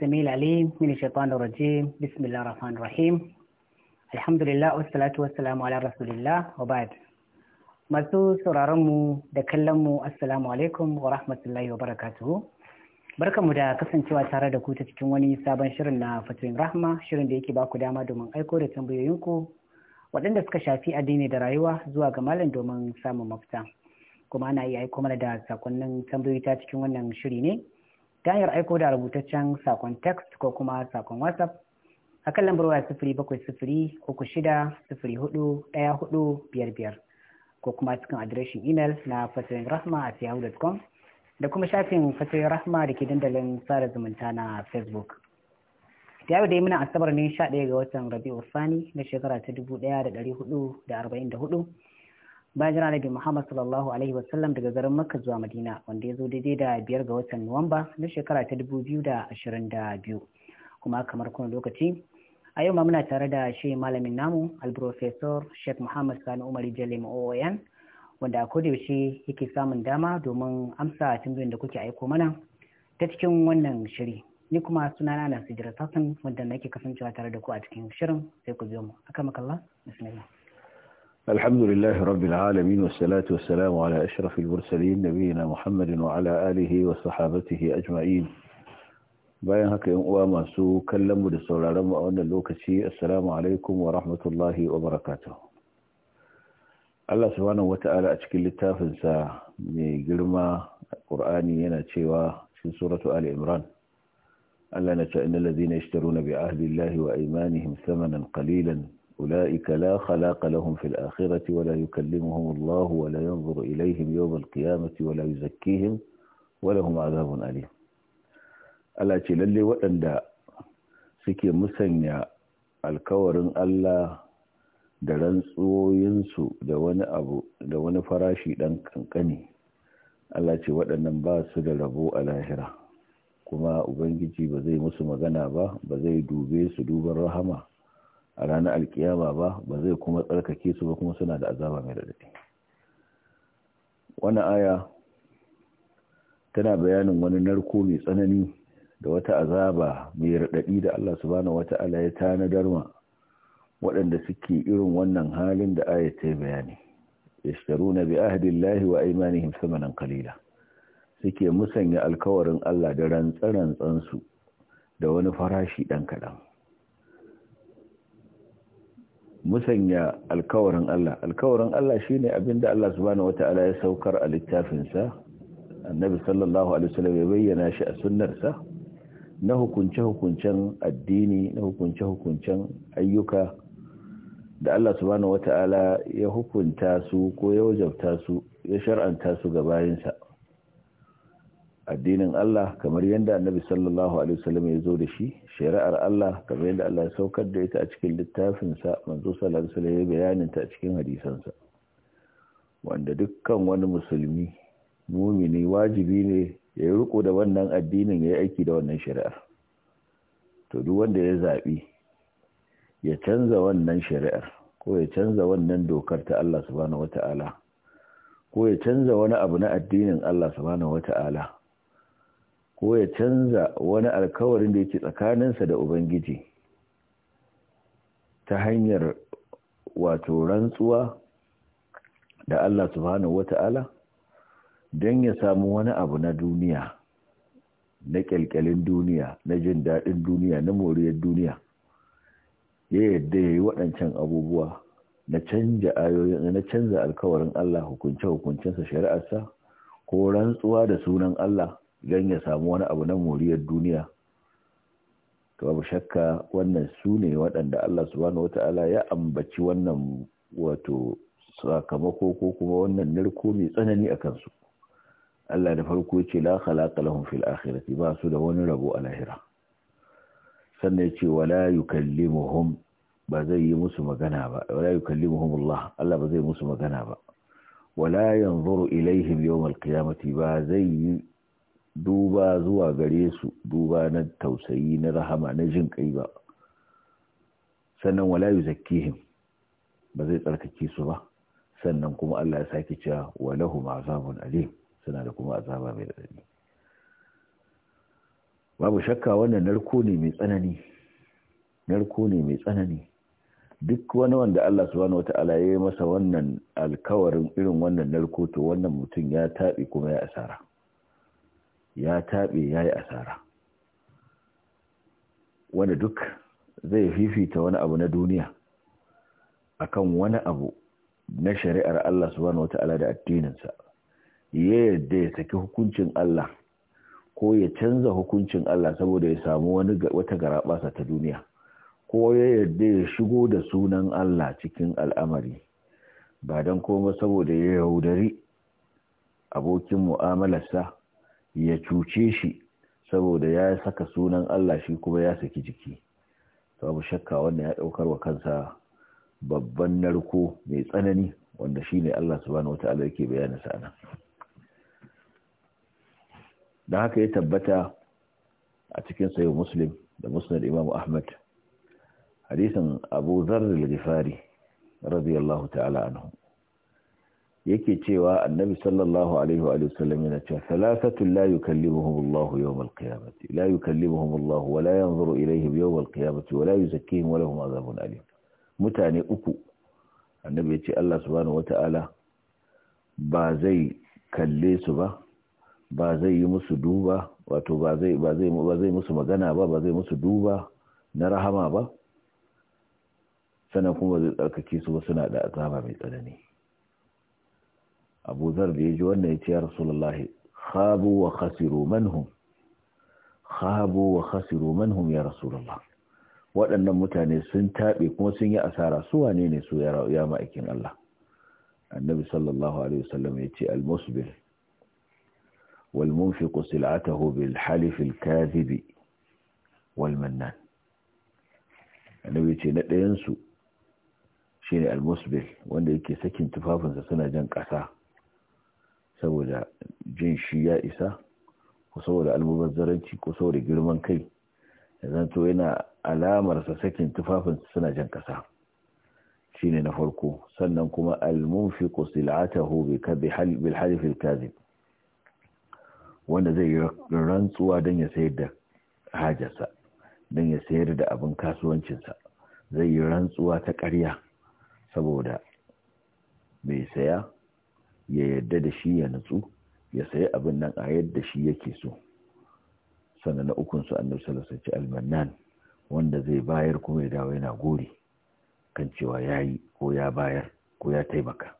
السميع العليم من الشيطان الرجيم بسم الله الرحمن الرحيم الحمد لله والصلاة والسلام على رسول الله وبعد masu sauraronmu da kallonmu assalamu alaikum wa rahmatullahi wa barakatuhu barkanmu da kasancewa tare da ku ta cikin wani sabon shirin na fatoyin rahma shirin da yake baku dama domin aiko da tambayoyinku waɗanda suka shafi addini da rayuwa zuwa ga malam domin samun mafita kuma ana iya aiko mana da sakonnin tambayoyi ta cikin wannan shiri ne ta hanyar aiko da rubutaccen sakon text ko kuma sakon whatsapp a kan lambar waya sifiri bakwai sifiri uku shida sifiri hudu ɗaya hudu biyar biyar ko kuma cikin adireshin imel na fasirin rahma a siyahu.com da kuma shafin fasirin rahma da ke dandalin sada zumunta na facebook da yau dai muna asabar ne sha ɗaya ga watan rabi'u sani na shekara ta dubu ɗaya da da da ɗari arba'in hudu bayan jira nabi Muhammad sallallahu alaihi wasallam daga garin Makka zuwa Madina wanda ya zo daidai da biyar ga watan Nuwamba na shekara ta dubu biyu da ashirin da biyu kuma kamar kuma lokaci a yau ma muna tare da shi malamin namu alprofesor Sheikh Muhammad Sani Umar Jalim oyan wanda a kodayaushe yake samun dama domin amsa tambayoyin da kuke aiko mana ta cikin wannan shiri ni kuma suna na Sidirat Hassan wanda nake kasancewa tare da ku a cikin shirin sai ku biyo mu Aka makalla الحمد لله رب العالمين والصلاة والسلام على أشرف المرسلين نبينا محمد وعلى آله وصحابته أجمعين bayan haka yan uwa masu kallon mu da sauraron mu a wannan lokaci assalamu alaikum wa rahmatullahi wa barakatuh Allah subhanahu wata'ala a cikin littafin sa mai girma Qur'ani yana cewa cikin suratu Ali Imran Allah na ce innal ladhina yashtaruna bi ahdi wa aymanihim thamanan qalilan أولئك لا خلاق لهم في الآخرة ولا يكلمهم الله ولا ينظر إليهم يوم القيامة ولا يزكيهم ولهم عذاب أليم ألا تللي وأندا سكي مسنيا الكورن ألا da rantsuwoyinsu da wani abu da wani farashi ɗan kankani Allah ce waɗannan ba su da rabo a lahira kuma ubangiji ba zai musu magana ba ba zai dubesu su rahama a ranar alkiyama ba ba zai kuma tsarkake su ba kuma suna da azaba mai daɗaɗe wani aya tana bayanin wani narko mai tsanani da wata azaba mai raɗaɗi da Allah subhanahu wata'ala ya tanadar darma waɗanda suke irin wannan halin da aya ta bayani na bi lahi wa aymanihim thamanan kalila suke musanya alkawarin Allah da rantsa-rantsansu da wani farashi ɗan kaɗan musanya alkawarin Allah alkawarin Allah shine abinda Allah subhanahu wata'ala ya saukar a littafinsa annabi sallallahu alaihi wasallam ya bayyana shi a sunnarsa na hukunce hukuncen addini na hukunce hukuncen ayyuka da Allah subhanahu wata'ala ya hukunta su ko ya wajabta su ya shar'anta su ga bayinsa addinin Allah kamar yadda annabi sallallahu alaihi wasallam ya zo da shi shari'ar Allah kamar yadda Allah ya saukar da ita a cikin littafinsa manzo sallallahu alaihi wasallam ya bayanin ta a cikin hadisansa wanda dukkan wani musulmi mumini wajibi ne ya yi riko da wannan addinin ya aiki da wannan shari'ar to duk wanda ya zaɓi ya canza wannan shari'ar ko ya canza wannan dokar ta Allah subhanahu wata'ala ko ya canza wani abu na addinin Allah subhanahu wata'ala ko ya canza wani alkawarin da yake tsakaninsa da ubangiji ta hanyar wato rantsuwa da Allah subhanahu wata'ala don ya samu wani abu na duniya na kyalkyalin duniya na jin daɗin duniya na moriyar duniya ya yadda ya yi waɗancan abubuwa na canza ayoyin na canza alkawarin Allah hukunce-hukuncensa shari'arsa ko rantsuwa da sunan Allah don ya samu wani abu na moriyar duniya to shakka wannan su ne waɗanda Allah subhanahu wata'ala ya ambaci wannan wato sakamako ko kuma wannan narko mai tsanani a kansu Allah da farko ce la khalaqa lahum fil akhirati ba su da wani rabo a lahira sannan ya ce wala yukallimuhum ba zai yi musu magana ba wala yukallimuhum Allah Allah ba zai musu magana ba wala yanzuru ilaihim yawm al-qiyamati ba zai yi duba zuwa gare su duba na tausayi na rahama na jin kai ba sannan wala yuzakkihim ba zai tsarkake su ba sannan kuma Allah ya sake cewa walahu ma'azabun alim suna da kuma azaba mai radadi babu shakka wannan narko ne mai tsanani narko ne mai tsanani duk wani wanda Allah subhanahu wata'ala ya yi masa wannan alkawarin irin wannan narko to wannan mutum ya taɓi kuma ya asara ya taɓe ya yi asara wanda duk zai fifita wani abu na duniya akan wani abu na shari'ar Allah subhanahu wata'ala da addininsa ya yadda ya saki hukuncin Allah ko ya canza hukuncin Allah saboda ya samu wani wata garaɓasa ta duniya ko ya yadda ya shigo da sunan Allah cikin al'amari ba don koma saboda ya yaudari abokin mu'amalarsa ya cuce shi saboda ya saka sunan Allah shi kuma ya saki jiki babu shakka wannan ya daukar wa kansa babban narko mai tsanani wanda shi ne Allah subhanahu wataala yake bayani sa nan dan haka ya tabbata a cikin sayo muslim da musnad imam ahmad hadisin abu dharr al-ghifari radiyallahu ta'ala anhu yake cewa annabi sallallahu alaihi wa sallam yana cewa thalathatu la yukallimuhum Allah yawm al-qiyamati la yukallimuhum Allah wa la yanzuru ilayhim yawm al-qiyamati wa la yuzakkihim wa lahum azabun alim mutane uku annabi yace Allah subhanahu wata'ala ba zai kalle su ba ba zai yi musu duba wato ba zai ba zai ba zai musu magana ba ba zai musu duba na rahama ba sannan kuma zai tsarkake su ba suna da azaba mai tsanani abu zar da ya ji wannan ya ce ya rasulullahi khabu wa khasiru manhum khabu wa khasiru manhum ya rasulallah. waɗannan mutane sun taɓe kuma sun yi asara su wane ne su ya ma'aikin Allah annabi sallallahu alaihi wasallam ya ce al-musbir wal munfiqu sil'atahu bil halif al kadhib wal mannan annabi ce na ɗayan su shine al wanda yake sakin tufafinsa suna jan ƙasa saboda jin shi ya isa ko saboda almubazzaranci ko saboda girman kai zan to yana alamarsa sakin tufafin suna jan kasa shine na farko sannan kuma almunfiqu sil'atahu bi kadhib bil halif al kazib wanda zai rantsuwa don ya sayar da hajarsa don ya sayar da abin kasuwancinsa zai yi rantsuwa ta ƙarya saboda bai saya ya yarda da shi ya nutsu ya sayi abin nan a yadda shi yake so sannan na ukun su annabi sallallahu alaihi wasallam almannan wanda zai bayar kuma ya dawo yana gori kan cewa yayi ko ya bayar ko ya taimaka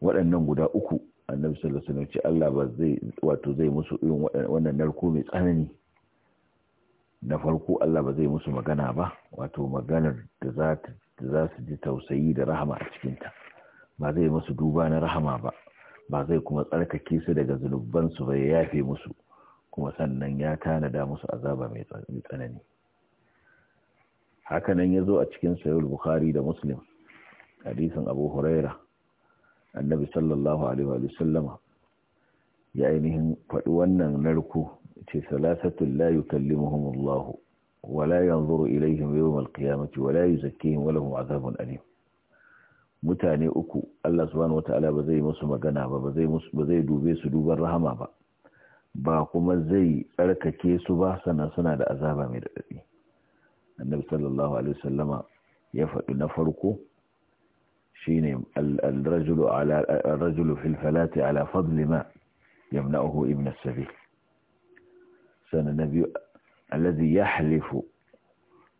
waɗannan guda uku annabi sallallahu alaihi wasallam Allah ba zai wato zai musu irin wannan narko mai tsanani na farko Allah ba zai musu magana ba wato maganar da za su ji tausayi da rahama a cikinta ba zai musu duba na rahama ba ba zai kuma tsarkake su daga zunubansu bai yafe musu kuma sannan ya tanada musu azaba mai tsanani hakanan ya zo a cikin sayar bukhari da muslim hadisin abu huraira annabi sallallahu alaihi wa sallama ya ainihin faɗi wannan narko ce salasatul la yukallimuhum Allah wa la yanzuru ilaihim yawm al-qiyamati wa la yuzakkihim wa lahum azabun alim mutane uku Allah subhanahu wata'ala ba zai musu magana ba ba zai musu ba zai dube su duban rahama ba ba kuma zai tsarkake su ba sana suna da azaba mai dadi annabi sallallahu alaihi wasallama ya faɗi na farko shine al-rajulu ala ar-rajulu fil falati ala fadli ma yamna'uhu ibn as-sabil sana nabi alladhi yahlifu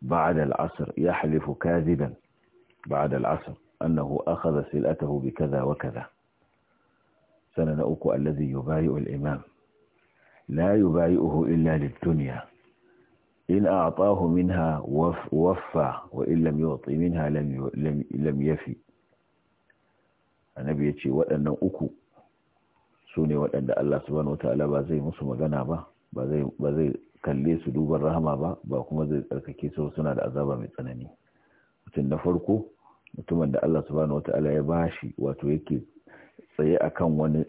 ba'da al-'asr yahlifu kadiban ba'da al-'asr annahu akhadha sil'atahu bi kaza wa kaza sanan uku allazi yubayi'u al-imam la yubayi'uhu illa lid-dunya in a'tahu minha waffa wa in lam yu'ti minha lam yafi annabi yace waɗannan uku sune waɗanda Allah subhanahu wataala ba zai musu magana ba ba zai kalle su duban rahama ba ba kuma zai tsarkake su suna da azaba mai tsanani mutum na farko mutumin da Allah subhanahu wata'ala ya bashi wato yake tsaye akan wani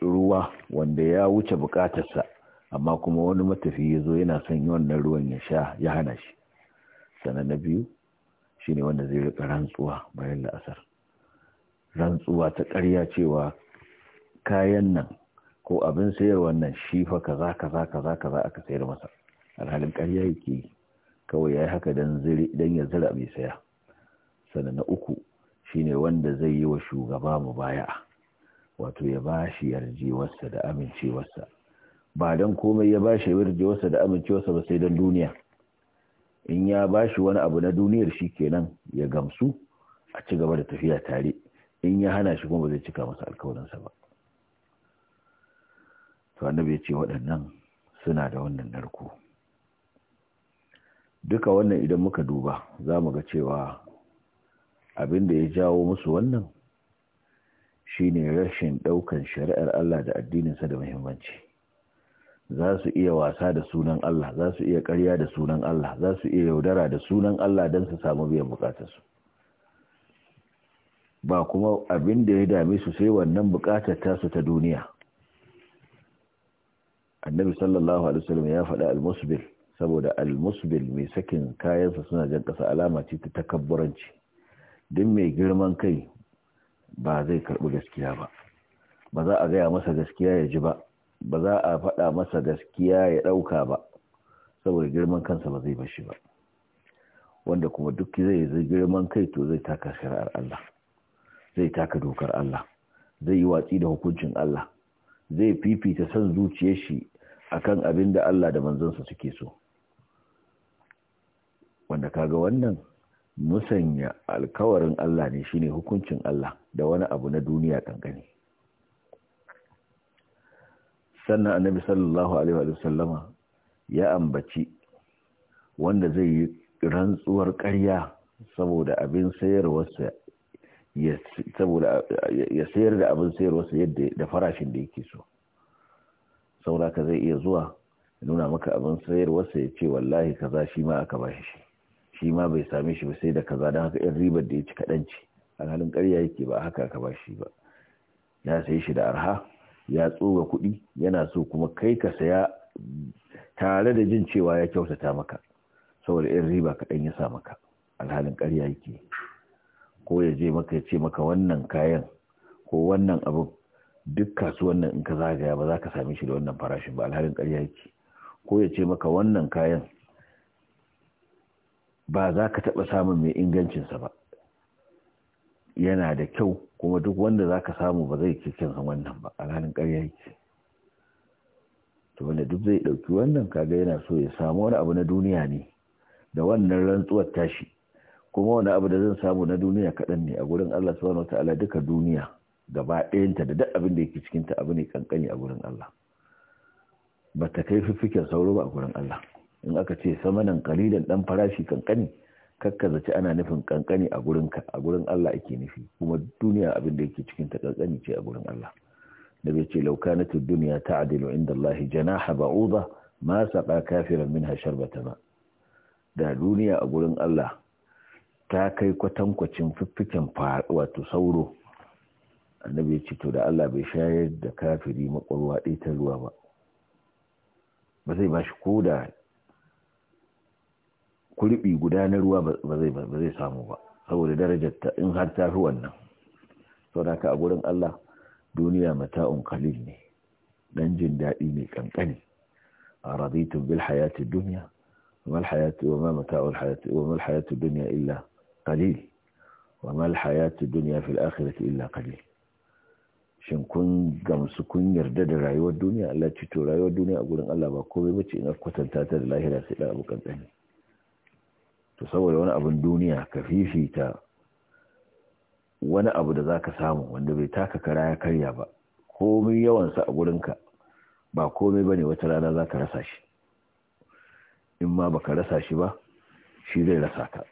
ruwa wanda ya wuce bukatarsa amma kuma wani matafi ya zo yana son wannan ruwan ya sha ya hana shi sannan na biyu shine wanda zai rika rantsuwa bayan la'asar rantsuwa ta ƙarya cewa kayan nan ko abin sayar wannan shi fa kaza kaza kaza kaza aka sayar masa alhalin ƙarya yake kawai ya yi haka don ya zira mai saya Sana na uku shine wanda zai yi wa shugaba mu baya wato ya bashi yarjewarsa da amincewarsa ba don komai ya bashi yarjewarsa da amincewarsa ba sai don duniya in ya bashi wani abu na duniyar shi kenan ya gamsu a ci gaba da tafiya tare in ya hana shi kuma ba zai cika masa alkawarinsa ba to annabi ya ce waɗannan suna da wannan narko duka wannan idan muka duba za mu ga cewa abin da ya jawo musu wannan shine rashin ɗaukan shari'ar Allah da addininsa da muhimmanci za su iya wasa da sunan Allah za su iya karya da sunan Allah za su iya yaudara da sunan Allah don su samu biyan bukatarsu ba kuma abin da ya dame su sai wannan bukatar tasu ta duniya annabi sallallahu alaihi wasallam ya faɗa al-musbil saboda al-musbil mai sakin kayansa suna jan ƙasa alama ce ta takabburanci duk mai girman kai ba zai karɓi gaskiya ba ba za a gaya masa gaskiya ya ji ba ba za a faɗa masa gaskiya ya ɗauka ba saboda girman kansa ba zai bashi ba wanda kuma duk zai zai girman kai to zai taka shari'ar Allah zai taka dokar Allah zai yi watsi da hukuncin Allah zai fifita son zuciyar shi akan abin da Allah da manzansa suke so wanda kaga wannan musanya alkawarin Allah ne shine hukuncin Allah da wani abu na duniya kankani sannan annabi sallallahu alaihi wa ya ambaci wanda zai yi rantsuwar ƙarya saboda abin sayarwarsa ya sayar da abin sayarwarsa yadda da farashin da yake so saboda ka zai iya zuwa nuna maka abin sayarwarsa ya ce wallahi kaza shi ma aka bashi shi shi ma bai same shi ba sai da kaza don haka in ribar da ya ci kaɗan ce alhalin ƙarya yake ba haka aka ba shi ba ya sayi shi da arha ya tsoga kuɗi yana so kuma kai ka saya tare da jin cewa ya kyautata maka saboda in riba kaɗan ya sa maka alhalin ƙarya yake ko ya je maka ya ce maka wannan kayan ko wannan abin duk kasuwan nan in ka zagaya ba za ka same shi da wannan farashin ba alhalin ƙarya yake ko ya ce maka wannan kayan ba za ka taɓa samun mai ingancinsa ba yana da kyau kuma duk wanda za ka samu ba zai ke kyan wannan ba a ranar ƙarya yake to wanda duk zai ɗauki wannan kaga yana so ya samu wani abu na duniya ne da wannan rantsuwar tashi kuma wani abu da zan samu na duniya kaɗan ne a gurin Allah subhanahu wataala duka duniya gaba ɗayanta da duk abin da yake cikinta abu ne kankani a gurin Allah ba kai fiffiken sauro ba a gurin Allah in aka ce samanan kalilan dan farashi kankani kakka zaci ana nufin kankani a gurinka a gurin Allah ake nufi kuma duniya abin da yake cikin ta kankani ce a gurin Allah da bai ce ta duniya adilu inda Allah janaha ba? ma saqa kafiran minha sharbata ba. da duniya a gurin Allah ta kai kwatankwacin fiffiken wato sauro annabi ya ce to da Allah bai shayar da kafiri makwarwa ɗaya ta ruwa ba ba zai ba shi ko da kurbi guda na ruwa ba zai ba zai samu ba saboda darajar ta in har ta ruwan nan saboda ka a gurin Allah duniya mata'un qalil ne dan jin dadi ne kankani araditu bil hayati dunya wal hayati duniya وما الحياة وما متاع الحياة وما الحياة الدنيا إلا قليل وما الحياة الدنيا في akhirati illa qalil shin kun gamsu kun yarda da rayuwar duniya Allah ci to rayuwar duniya a gurin Allah ba komai bace in aka kwatanta ta da lahira sai da abokan tsani to saboda wani abin duniya ka fifita wani abu da za ka samu wanda bai taka kara ya karya ba komai yawansa a gurinka ba komai ba ne wata rana za ka rasa shi in ma ba ka rasa shi ba shi zai rasa ka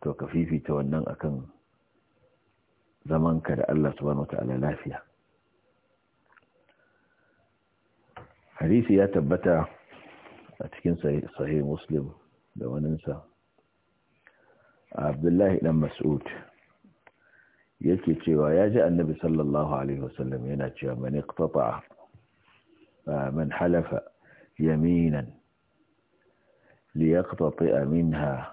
to ka fifita wannan akan zamanka da Allah subhanahu wata'ala lafiya hadisi ya tabbata a cikin sahih muslim da waninsa abdullahi dan mas'ud yake cewa ya ji annabi sallallahu alaihi wasallam yana cewa man iqtata man halafa yaminan liyaqtata minha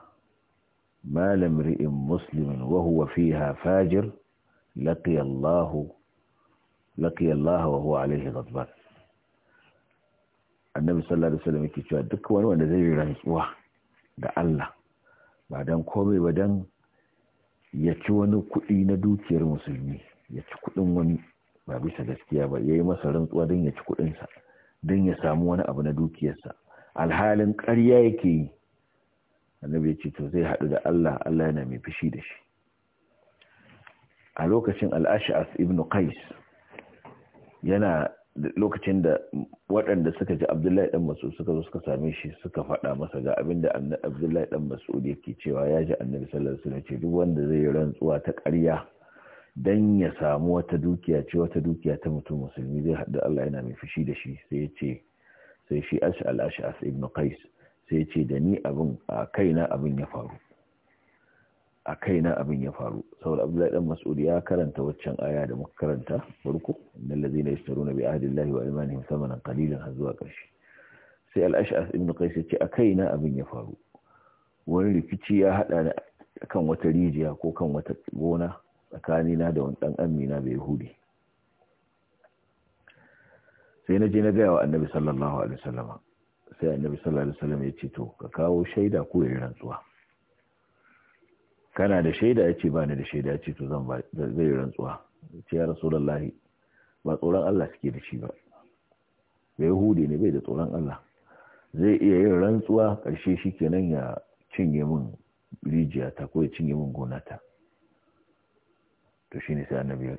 ma lam ri'in muslimin wa huwa fiha fajir laqiya Allah laqiya Allah wa huwa alaihi ghadban annabi sallallahu alaihi wasallam yake cewa duk wani wanda zai rantsuwa da Allah ba don komai ba don ya ci wani kuɗi na dukiyar musulmi ya ci kuɗin wani ba bisa gaskiya ba ya yi masa rantsuwa don ya ci kuɗinsa don ya samu wani abu na dukiyarsa alhalin ƙarya yake yi annabi ya ce to zai haɗu da Allah Allah yana mai fushi da shi a lokacin al'ash'as ibn qais yana lokacin da waɗanda suka ji abdullahi dan mas'ud suka zo suka same shi suka faɗa masa ga abin da abdullahi dan mas'ud yake cewa ya ji annabi sallallahu alaihi wasallam ce duk wanda zai rantsuwa ta ƙarya dan ya samu wata dukiya ce wata dukiya ta mutum musulmi zai haɗu Allah yana mai fushi da shi sai ya ce sai shi ash'al ash'as ibn sai ce da ni abin a kaina abin ya faru a kaina abin ya faru saboda abdullahi dan mas'ud ya karanta waccan aya da muka karanta farko innal ladina yashtaruna bi ahdillahi wa imanihim thamanan qalilan har zuwa karshe sai al-ash'ath ibn qais ya ce a kaina abin ya faru wani rikici ya hada ni kan wata rijiya ko kan wata gona tsakanina da wani dan amina bai yahudi sai na je na gaya wa annabi sallallahu alaihi wasallama sai annabi sallallahu alaihi wasallam ya ce to ka kawo shaida ko yayin rantsuwa kana da shaida ya ce ba ni da shaida ya ce to zan zai rantsuwa ce ya rasulallahi ba tsoron Allah suke da shi ba da yahudi ne bai da tsoron Allah zai iya yin rantsuwa ƙarshe shi kenan ya cinye min rijiya ta ko ya cinye min gonata to ne sai annabi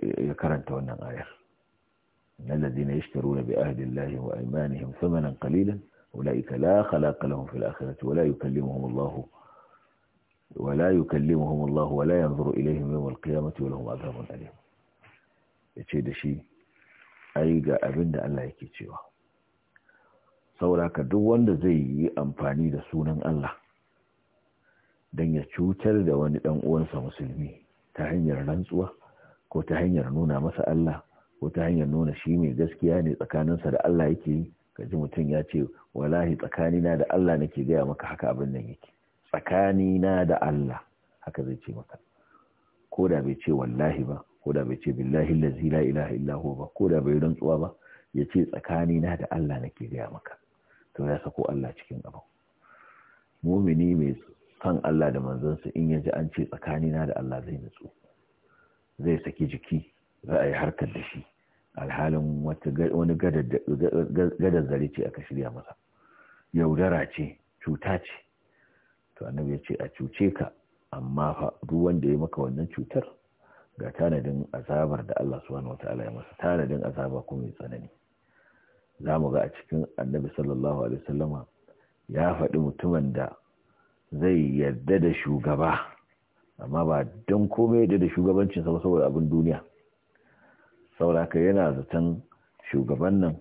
ya karanta wannan ayar الذين يشترون بعهد الله وأيمانهم ثمنا قليلا أولئك لا خلاق لهم في الآخرة ولا kalli الله wala yukallimuhum Allah wala yanzuru ilaihim yawm al-qiyamati wa lahum yace da shi ai ga abin da Allah yake cewa saboda duk wanda zai yi amfani da sunan Allah don ya cutar da wani dan uwansa musulmi ta hanyar rantsuwa ko ta hanyar nuna masa Allah ko ta hanyar nuna shi mai gaskiya ne tsakaninsa da Allah yake yi kaji mutum ya ce wallahi tsakanina da Allah nake gaya maka haka abin nan yake tsakani na da Allah haka zai ce maka ko da bai ce wallahi ba ko da bai ce billahi lazi la ilaha illa ba ko da bai rantsuwa ba ya ce tsakani na da Allah nake gaya maka to ya sako Allah cikin abu mumini mai san Allah da manzonsa in ya ji an ce tsakani na da Allah zai nutsu zai saki jiki za a yi harkar da shi alhalin wani gadar zare ce aka shirya masa yaudara ce cuta ce to annabi ya ce a cuce ka amma fa duk wanda ya maka wannan cutar ga tanadin azabar da Allah subhanahu wataala ya masa tanadin azaba kuma mai tsanani za mu ga a cikin annabi sallallahu alaihi wasallama ya faɗi mutumin da zai yarda da shugaba amma ba don komai yarda da shugabancin sa saboda abin duniya saboda haka yana zaton shugaban nan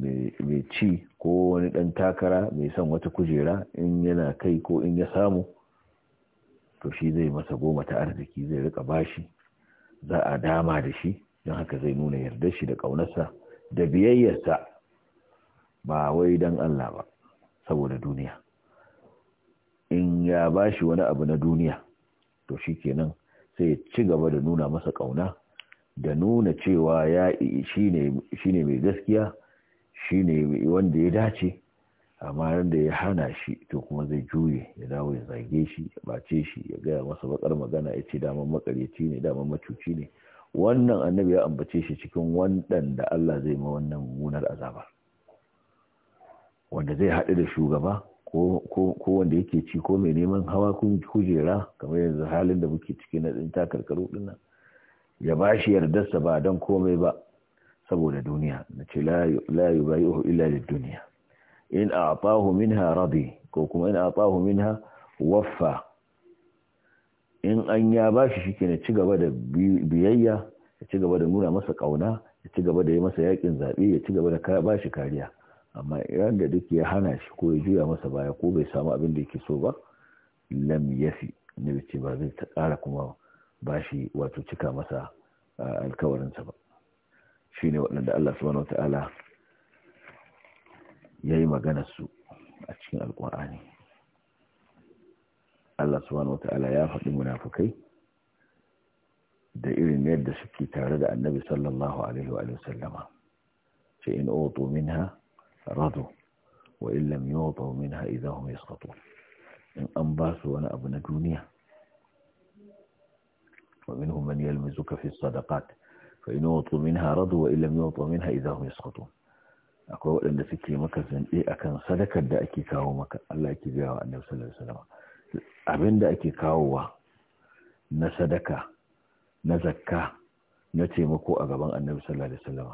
mai ci ko wani ɗan takara mai son wata kujera in yana kai ko in ya samu to shi zai masa goma ta arziki zai rika bashi za a dama da shi don haka zai nuna yarda shi da ƙaunarsa da biyayyarsa ba wai don Allah ba saboda duniya in ya bashi wani abu na duniya to shi kenan sai ya ci gaba da nuna masa ƙauna da nuna cewa ya shi ne mai gaskiya shi ne wanda ya dace amma da ya hana shi to kuma zai juye ya dawo ya zage shi ya bace shi ya gaya masa bakar magana ya ce damar makaryaci ne damar macuci ne wannan annabi ya ambace shi cikin wanɗanda Allah zai ma wannan munar azaba wanda zai haɗu da shugaba ko wanda yake ci ko mai neman hawa kujera kamar yanzu halin da muke ciki na tsinta karkaru dinnan ya bashi shi yardarsa ba don komai ba saboda duniya na ce la yi bayi illa da duniya in a minha rabi ko kuma in a minha waffa in an ya ba shi shi ci gaba da biyayya ya ci gaba da nuna masa kauna ya ci gaba da yi masa yakin zaɓe ya ci gaba da ba shi kariya amma iran da duk ya hana shi ko ya juya masa baya ko bai samu abin da yake so ba lam yafi ne ce ba zai ta kara kuma ba shi wato cika masa alkawarinsa ba shine waɗanda Allah subhanahu ta'ala ya yi maganar su a cikin alkur'ani Allah subhanahu ta'ala ya faɗi munafukai da irin yadda suke tare da annabi sallallahu alaihi wa sallama ce in otu minha radu wa illam yutu minha idahum yasqatu in an ba su wani abu na duniya wa minhum man yalmizuka fi sadaqat fa in wutu minha radu wa illam yutu minha idza hum yasqutun akwai waɗanda suke maka zance akan sadakar da ake kawo maka Allah yake biya wa Annabi sallallahu alaihi wasallam abinda ake kawowa na sadaka na zakka na taimako a gaban Annabi sallallahu alaihi wasallam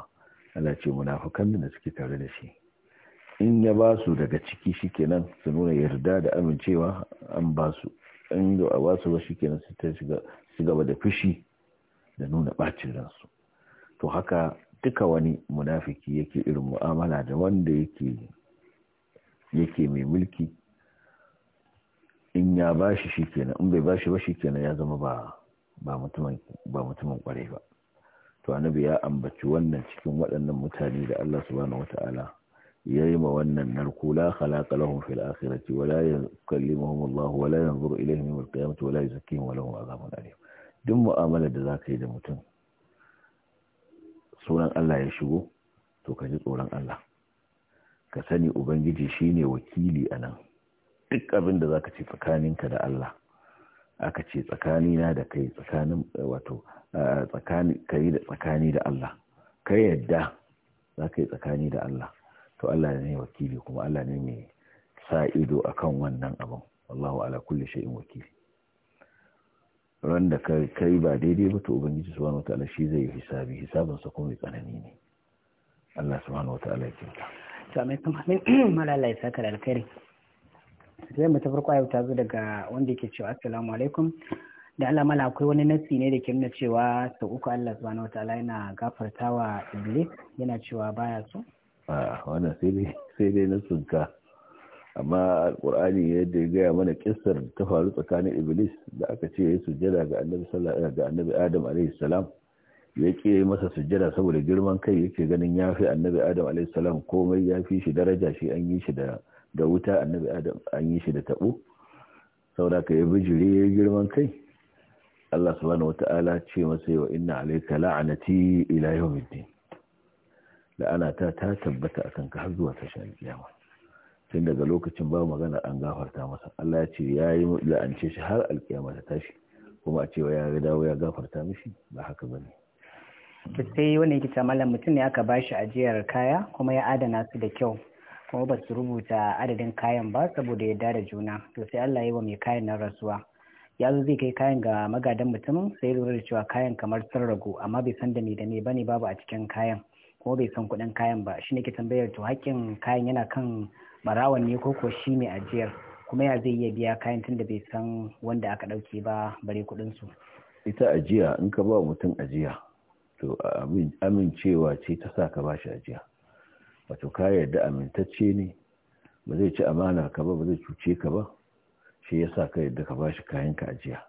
Allah ce munafikan da suke tare da shi in ya ba daga ciki shikenan su nuna yarda da amincewa an ba su in da ba shikenan su ta shiga fushi da nuna bacin ransu to haka duka wani munafiki yake irin mu'amala da wanda yake yake mai mulki in ya bashi shikenan in bai bashi ba shikenan ya zama ba ba mutumin ba mutumin kware ba to annabi ya ambaci wannan cikin waɗannan mutane da Allah subhanahu wataala ya yi ma wannan narko la khalaqa lahum fil akhirati wala yukallimuhum Allah wala yanzuru ilayhim yawm al-qiyamati wala yuzakkihim wa lahum azabun alim duk mu'amala da zaka yi da mutum tsoron Allah ya shigo to ka ji tsoron Allah ka sani ubangiji shine wakili a nan duk abin da zaka ce tsakaninka da Allah aka ce tsakanina da kai tsakanin wato tsakani kai da tsakani da Allah kai yadda zaka yi tsakani da Allah to Allah ne wakili kuma Allah ne mai sa ido akan wannan abin wallahu ala kulli shay'in wakili ran da ka kai ba daidai ba to ubangiji subhanahu wataala shi zai hisabi hisabin sa kuma tsanani ne Allah subhanahu wataala ya kinta to amma kuma amin malala ya saka alkhairi sai mu ta farko ta zo daga wanda yake cewa assalamu alaikum da Allah mala akwai wani nasi ne da ke nuna cewa sau uku Allah subhanahu wataala yana gafartawa iblis yana cewa baya so a wannan sai dai sai dai sunka amma alkur'ani yadda ya gaya mana kissar ta faru tsakanin iblis da aka ce ya sujjada ga annabi sallallahu ga annabi adam alaihi salam ya ke masa sujjada saboda girman kai yake ganin ya fi annabi adam alaihi salam komai ya fi shi daraja shi an yi shi da da wuta annabi adam an yi shi da tabo saboda ka ya bijire ya girman kai Allah subhanahu wata'ala ce masa wa inna alayka la'anati ila yawmiddin la'ana ta tabbata akan ka har zuwa tashar kiyama tun daga lokacin ba magana an gafarta masa Allah ya ce ya yi la'ance shi har alkiyama ta tashi kuma a cewa ya dawo ya gafarta mishi ba haka bane to sai wani yake malam mutum ne aka bashi ajiyar kaya kuma ya adana su da kyau kuma ba su rubuta adadin kayan ba saboda yarda da juna to sai Allah ya yi wa mai kayan nan rasuwa ya zo zai kai kayan ga magadan mutumin sai lura da cewa kayan kamar sun ragu amma bai san da me da me bane babu a cikin kayan kuma bai san kuɗin kayan ba shi ne ke tambayar to haƙƙin kayan yana kan barawan ne koko shi mai ajiyar kuma ya zai iya biya kayan tun da bai san wanda aka ɗauke ba bare kuɗinsu ita ajiya in ka ba mutum ajiya to amincewa ce ta sa ka ba shi ajiya wato ka yarda amintacce ne ba zai ci amana ka ba ba zai cuce ka ba shi ya sa ka yarda ka ba shi kayan ka ajiya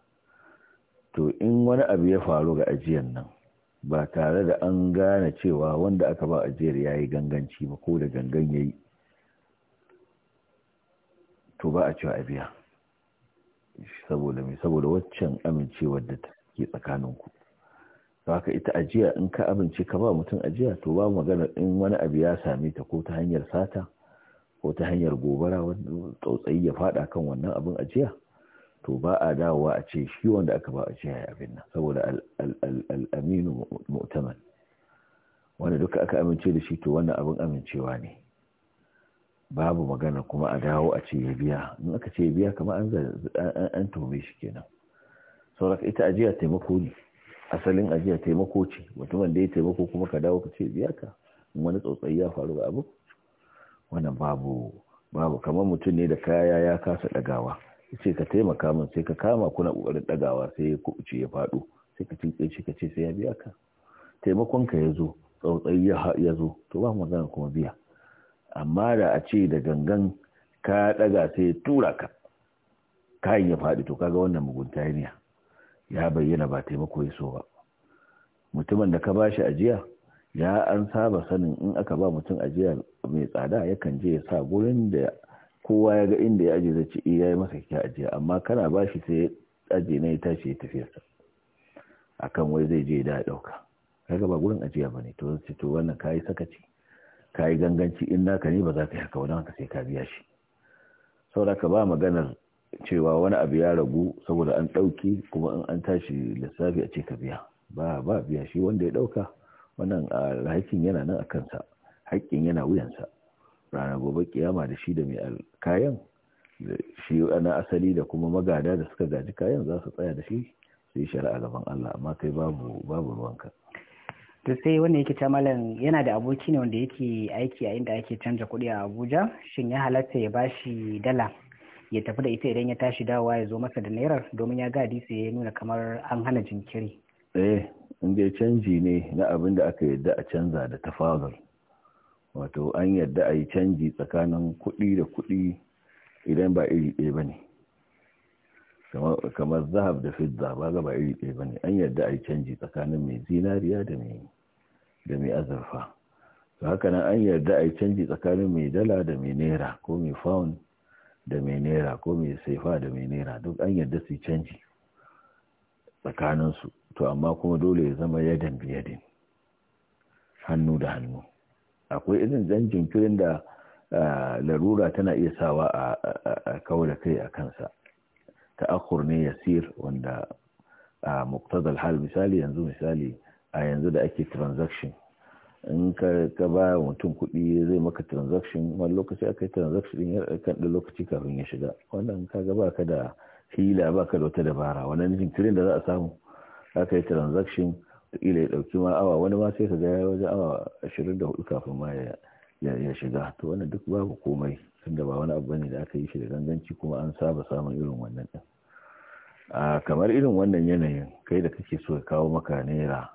to in wani abu ya faru ga ajiyan nan ba tare da an gane cewa wanda aka ba ajiyar ya yi ganganci ba ko da gangan ya yi to ba a cewa a biya saboda mai saboda waccan amincewar da ke tsakaninku haka ita ajiya in ka amince ka ba mutum ajiya to ba magana in wani abu ya same ta ko ta hanyar sata ko ta hanyar gobara tsautsayi ya fada kan wannan abin ajiya to ba a dawowa a ce shi wanda aka ba ajiya ya abin nan saboda al'aminu mutumin. wanda duka aka amince da shi to wannan abin amincewa ne babu magana kuma a dawo a ce ya biya in aka ce ya biya kamar an tume shi kenan sauraka ita ajiya taimako ne asalin ajiya taimako ce mutumin da ya taimako kuma ka dawo ka ce biya ka in wani tsotsayi ya faru abu wannan babu babu kamar mutum ne da kaya ya kasa dagawa ce ka taimaka min sai ka kama kuna kokarin dagawa sai ya kubuce ya faɗo sai ka tinke shi ka ce sai ya biya ka taimakon ka ya zo tsotsayi ya zo to ba magana kuma biya amma da a ce da gangan ka daga sai tura ka kayan ya faɗi to kaga wannan mugunta ne ya bayyana ba taimako ya so ba mutumin da ka ba shi ajiya ya an saba sanin in aka ba mutum ajiya mai tsada yakan je ya sa gurin da kowa ya ga inda ya aje zai ci eh, ya yi masa kya ajiya amma kana bashi sai aje na ya tashi ya tafiyarsa akan wai zai je da ya ɗauka kaga ba gurin ajiya ba to to wannan kayi sakaci ka yi ganganci in naka ne ba za ka yi haka wani haka sai ka biya shi saboda ka ba maganar cewa wani abu ya ragu saboda an ɗauki kuma in an tashi lissafi a ce ka biya ba ba biya shi wanda ya ɗauka wannan alhakin yana nan a kansa haƙƙin yana wuyansa ranar gobe kiyama da shi da mai kayan shi na asali da kuma magada da suka gaji kayan za su tsaya da shi sai shari'a gaban Allah amma kai babu babu ruwanka to sai wanda yake ta malam yana da aboki ne wanda yake aiki a inda ake canja kuɗi a abuja shin ya halatta ya bashi dala ya tafi da ita idan ya tashi dawowa ya zo masa da nairar domin ya gadi sai ya nuna kamar an hana jinkiri eh in dai canji ne na abin da aka yadda a canza da tafazar wato an yadda a yi canji tsakanin kuɗi da kuɗi idan ba iri ɗaya ba ne kamar zahab da fidda ba ga ba iri ɗaya ba ne an yadda a yi canji tsakanin mai zinariya da mai da mai azurfa to haka nan an yarda a yi canji tsakanin mai dala da mai naira ko mai faun da mai naira ko mai saifa da mai naira duk an yarda su yi canji tsakaninsu to amma kuma dole ya zama yadan biyadin hannu da hannu akwai irin zan jinkirin da larura tana iya sawa a kawo da kai a kansa ta akur ne yasir wanda a hal misali yanzu misali a yanzu da ake transaction in ka ba mutum kuɗi zai maka transaction wani lokaci aka yi transaction din yar kan da lokaci kafin ya shiga wannan ka ga baka da hila baka da wata dabara wannan tirin da za a samu aka yi transaction ila ya dauki ma awa wani ma sai ka ga wajen awa ashirin da hudu kafin ma ya shiga to wannan duk babu komai tunda ba wani abu bane da aka yi shi da ganganci kuma an saba samun irin wannan din ah, kamar irin wannan yanayin kai da kake so ya kawo maka naira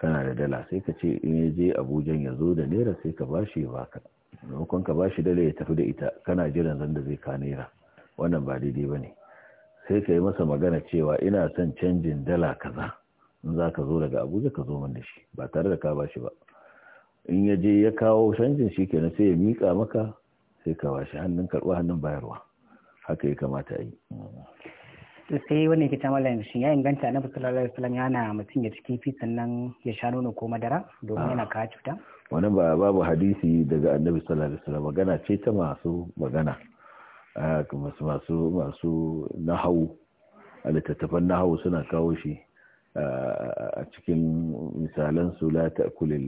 kana da dala sai ka ce in ya je abuja ya zo da naira sai ka bashi ya baka maimakon ka bashi dala ya tafi da ita kana jiran zan da zai ka naira wannan ba daidai ba ne sai ka yi masa magana cewa ina son canjin dala kaza in za ka zo daga abuja ka zo min da shi ba tare da ka bashi ba in ya je ya kawo canjin shi kenan sai ya mika maka sai ka bashi hannun karɓa hannun bayarwa haka ya kamata a yi to sai wani ke ta mallam shi ya inganta na sallallahu Salam ya yana mutum ya ci kifi sannan ya sha nono ko madara domin yana kawo cuta ah, Wani ba babu hadisi daga annabi sallallahu alaihi wasallam magana ce ta masu magana ah, masu masu masu nahawu a littattafan nahawu suna kawo shi ah, a cikin misalan su la ta ta Laban la ta'kulil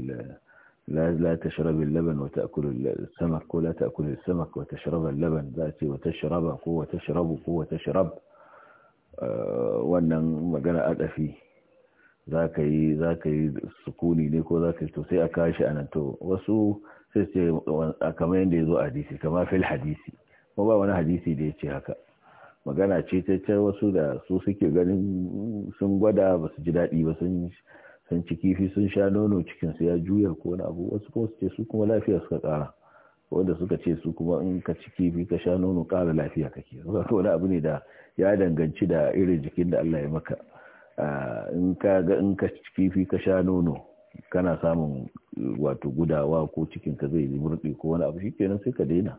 لا تشرب اللبن وتأكل السمك wa تأكل السمك وتشرب اللبن ذاتي وتشرب قوة تشرب قوة تشرب Eh, wannan magana adafi za ka yi za ka yi sukuni ne ko za ka yi to a kashi nan to wasu sai ce kamar yadda ya zo a hadisi kama fil hadisi ko ba wani hadisi da ya ce haka magana ce ta ce wasu da su suke ganin sun gwada ba su ji daɗi ba sun ci kifi sun sha nono cikin ya juya ko wani abu wasu kuma su ce su kuma lafiya suka ƙara wanda suka ce su kuma in ka ci kifi ka sha nono kara lafiya kake wani abu ne da ya danganci da irin jikin da Allah ya maka in ka ga in ka kifi ka sha nono kana samun wato gudawa ko cikin ka zai murɗe ko wani abu shikenan sai ka daina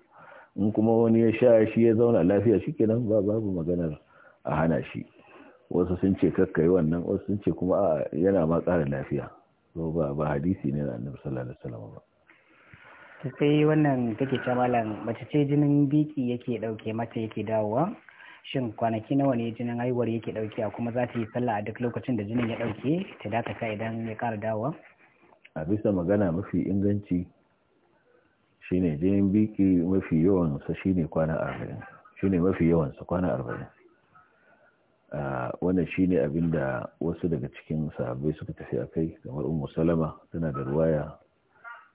in kuma wani ya sha shi ya zauna lafiya shikenan ba babu maganar a hana shi wasu sun ce yi wannan wasu sun ce kuma a yana ma ƙara lafiya so ba ba hadisi ne na annabi sallallahu alaihi wasallam ba sai wannan take ta malam mace ce jinin biki yake dauke mata yake dawowa shin kwanaki nawa ne jinin haihuwar yake dauke kuma za ta yi sallah a duk lokacin da jinin ya dauke ta dakata idan ya kara dawowa a bisa magana mafi inganci shine jinin biki mafi sa shine kwana arba'in shine mafi sa kwana wannan shine abin da wasu daga cikin sahabbai suka tafi a kai kamar ummu salama tana da ruwaya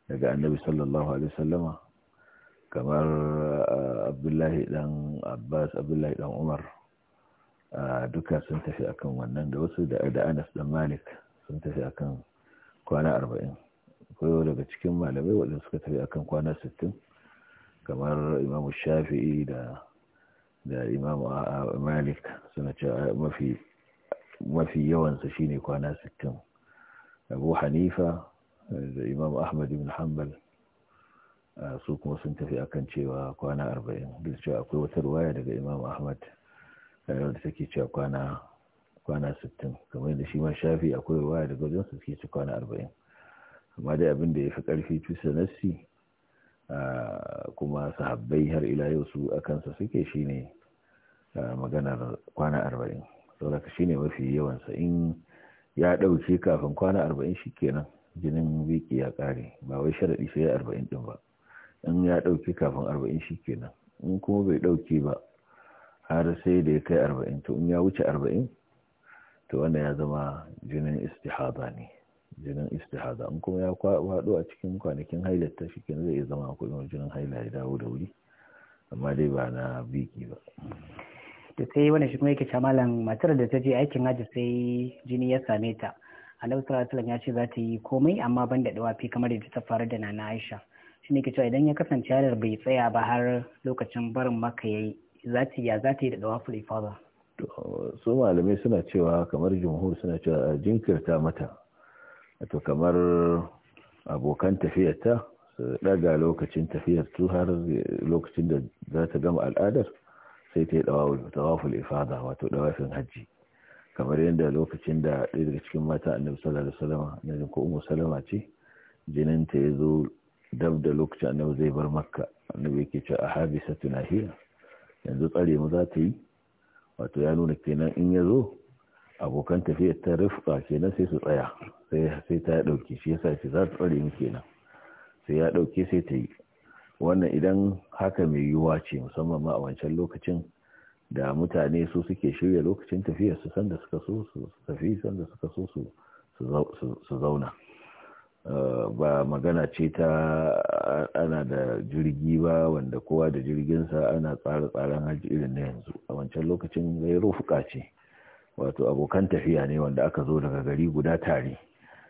daga annabi sallallahu alaihi wasallama kamar eh, abdullahi dan abbas abdullahi dan umar eh, duka sun tafi akan wannan da wasu da anas dan malik sun tafi akan kwana arba'in akwai daga cikin malamai waɗanda suka tafi akan kwana sittin kamar imamu shafi'i da da imamu eh, malik suna ce mafi mafi yawansa shine kwana sittin abu hanifa da imamu ahmad ibn hanbal su kuma sun tafi akan cewa kwana arba'in duk cewa akwai wata ruwaya daga imam ahmad eh, da take cewa kwana kwana sittin kamar da shi ma shafi akwai ruwaya daga wajen su suke ci kwana arba'in amma dai abin da ya fi ƙarfi tusa nassi kuma sahabbai har ila yau su a kansa suke shine maganar kwana arba'in sauraka shine mafi yawansa in ya ɗauke kafin kwana arba'in shi kenan jinin wiki ya ƙare ba wai sharaɗi sai arba'in ɗin ba in ya ɗauki kafin arba'in shi kenan in kuma bai ɗauki ba har sai da ya kai arba'in to in ya wuce arba'in to wanda ya zama jinin istihada ne jinin istihada in kuma ya faɗo a cikin kwanakin hailata shi kenan zai iya zama kudin jinin haila ya dawo da wuri amma dai ba na biki ba to sai wani shi kuma yake shamalan matar da ta je aikin hajji sai jini ya same ta annabi sallallahu alaihi ya ce za ta yi komai amma ban da dawafi kamar yadda ta faru da nana Aisha shi ne ke cewa idan ya kasance hadar bai tsaya ba har lokacin barin maka ya yi ya za ta yi da dawaful ifada su malamai suna cewa kamar jumhur suna cewa jinkirta mata to kamar abokan tafiyarta su daga lokacin tafiyar su har lokacin da za ta gama al'adar sai ta yi dawaful ifada wato dawafin hajji kamar yadda lokacin da ɗaya daga cikin mata annabi sallallahu alaihi wasallam na ko ummu salama ce jinin ta ya zo dab da lokacin annabi zai bar makka annabi yake cewa a habisa tunahiya yanzu tsare mu za ta yi wato ya nuna kenan in ya zo abokan tafiyar ta rufa kenan sai su tsaya sai ta ya dauke shi yasa shi za ta tsare mu kenan sai ya dauke sai ta yi wannan idan haka mai yiwuwa ce musamman ma a wancan lokacin da mutane su suke shirya lokacin tafiyar su sanda suka so su tafi sanda suka so su zauna Eh, ba magana ce ta ana da jirgi ba wanda kowa da jirginsa ana tsara tsaren hajji irin na yanzu a wancan lokacin zai rufuka ce wato abokan tafiya ne wanda aka zo daga gari guda tare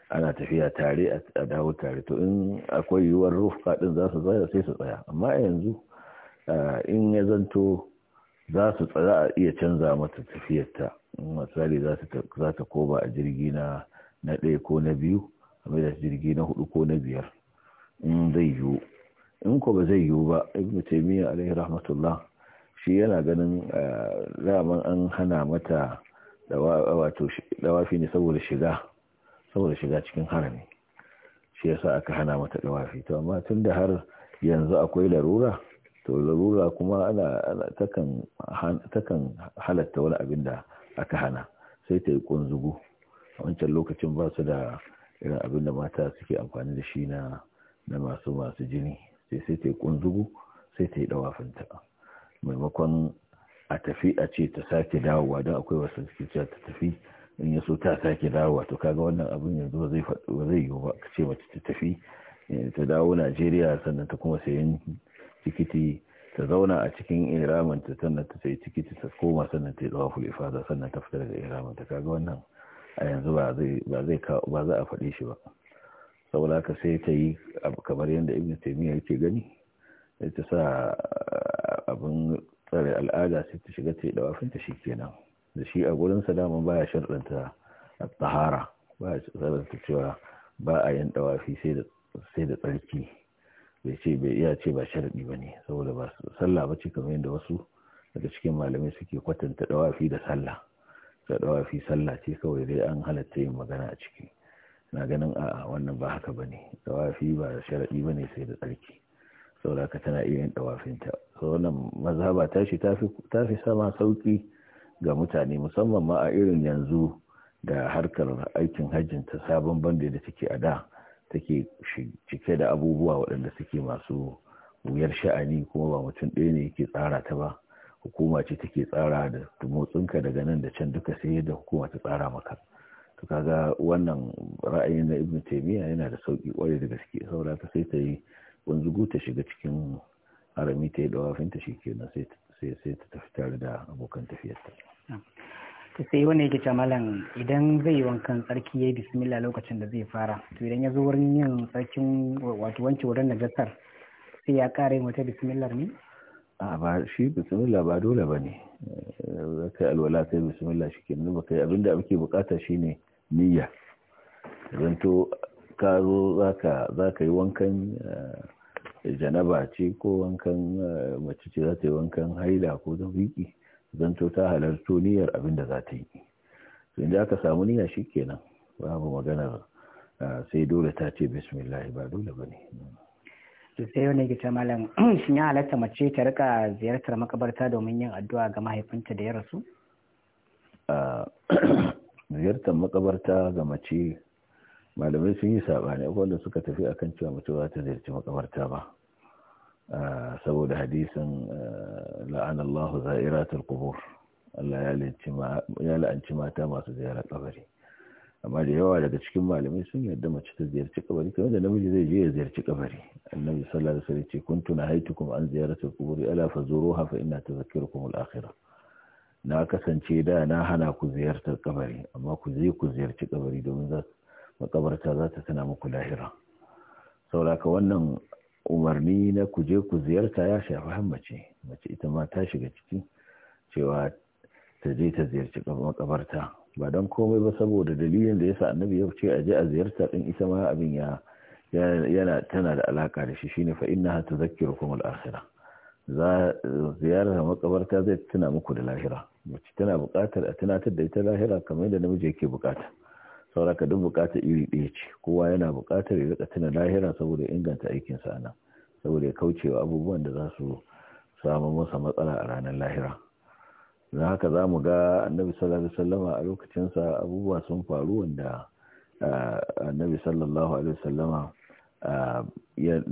ana tafiya tare a dawo tare to in akwai yiwuwar rufuka din za su tsaya sai su tsaya amma a yanzu in ya zanto za su tsaya a iya canza mata tafiyarta misali za ta koba a jirgi na ɗaya ko na biyu a da jirgi na hudu ko na biyar in zai yiwu in ko ba zai yiwu ba ibn taymiya alaihi rahmatullah shi yana ganin zaman eh, an hana mata wato dawafi ne saboda shiga saboda shiga cikin harami shi yasa aka hana mata dawafi to amma tun da har yanzu akwai larura to larura kuma ana takan takan halatta wani abin da aka hana sai ta yi kunzugu a wancan lokacin ba su da irin abin da mata suke amfani da shi na na masu masu jini sai sai ta yi kunzugu sai ta yi dawafinta maimakon a tafi a ce ta sake dawowa don akwai wasu suke cewa ta tafi in ya so ta sake dawowa to kaga wannan abin yanzu ba zai yiwu ba ka ce mace ta tafi eh, ta dawo Najeriya sannan ta kuma sayan tikiti ta zauna a cikin iramanta ta sannan ta sayi tikiti ta koma sannan ta yi tsawaful ifada sannan ta fitar da iramanta ta kaga wannan a yanzu ba za a faɗi shi ba saboda haka sai ta yi kamar yadda ibn taymiya yake gani sai ta sa ah, abin tsare al'ada sai ta shiga ta yi dawafinta shi kenan da shi a gurin salaman baya sharɗanta tahara baya sharɗanta cewa ba a yin dawafi sai da tsarki bai ce bai iya ce ba sharɗi ba ne saboda ba sallah ba ce kamar yadda wasu daga cikin malamai suke kwatanta dawafi da sallah da dawafi sallah ce kawai dai an halatta yin magana a ciki na ganin a wannan ba haka ba ne dawafi ba sharaɗi ba ne sai da tsarki saboda ka tana iya yin dawafinta so wannan mazhaba ta shi ta fi sama sauki ga mutane musamman ma a irin yanzu da harkar aikin hajjin ta sabon bande da take a da take cike da abubuwa waɗanda suke masu wuyar sha'ani kuma ba mutum ɗaya ne yake tsara ta ba hukuma ce take tsara da motsinka daga nan da can duka sai yadda hukuma ta tsara maka to kaga wannan ra'ayin na ibnu taymiya yana da sauki kwarai da gaske saboda ta sai ta yi wanzugu ta shiga cikin arami ta yi dawafin ta shikenan sai sai ta tafi tare da abokan tafiyarta to sai wani yake ce idan zai yi wankan tsarki yayi bismillah lokacin da zai fara to idan ya zo wurin yin tsarkin wato wanke wurin najasar sai ya kare wata bismillah ne a ba shi bismillah ba dole ba ne za ka yi alwala sai bismillah shi ke nuna kai abinda ake bukata shine niyya zanto ka zo za ka yi wankan eh, janaba ce ko wankan eh, mace ce za ta yi wankan haila ko zabiki. wiki zanto ta halarto niyyar abinda za ta yi to inda aka samu niyya shi kenan babu maganar eh, sai dole ta ce bismillah ba dole ba ne su sai wani gita malam shin ya halatta mace ta rika ziyartar makabarta domin yin addu'a ga mahaifinta da ya rasu ziyartar makabarta ga mace malamai sun yi sabani wanda suka tafi akan cewa mace ba ta ziyarci makabarta ba saboda hadisin la'anallahu za'iratul qubur Allah ya la'anci mata masu ziyarar kabari amma da yawa daga cikin malamai sun yarda mace ta ziyarci kabari kamar da namiji zai je ya ziyarci kabari annabi sallallahu alaihi wasallam ce kuntu kuma an ziyaratil kuburi ala fazuruha fa inna tadhakkirukum al akhirah na kasance da na hana ku ziyartar kabari amma ku je ku ziyarci kabari domin za makabarta za ta tana muku lahira sauraka wannan umarni na ku je ku ziyarta ya shafi har mace ita ma ta shiga ciki cewa ta je ta ziyarci makabarta ba don komai ba saboda dalilin da yasa annabi ya ce a je a ziyarta din ita ma abin ya yana tana da alaka da shi shine fa innaha tuzakkirukum al-akhirah za ziyarar makabarta zai tuna muku da lahira mace tana bukatar a tunatar da ita lahira kamar yadda namiji yake bukata sauraka duk bukatar iri ɗaya ce kowa yana bukatar ya rika tuna lahira saboda inganta aikin a nan saboda ya kaucewa abubuwan da za su samu masa matsala a ranar lahira don haka za mu ga annabi sallallahu alaihi wasallama a lokacinsa abubuwa sun faru wanda annabi sallallahu alaihi wasallama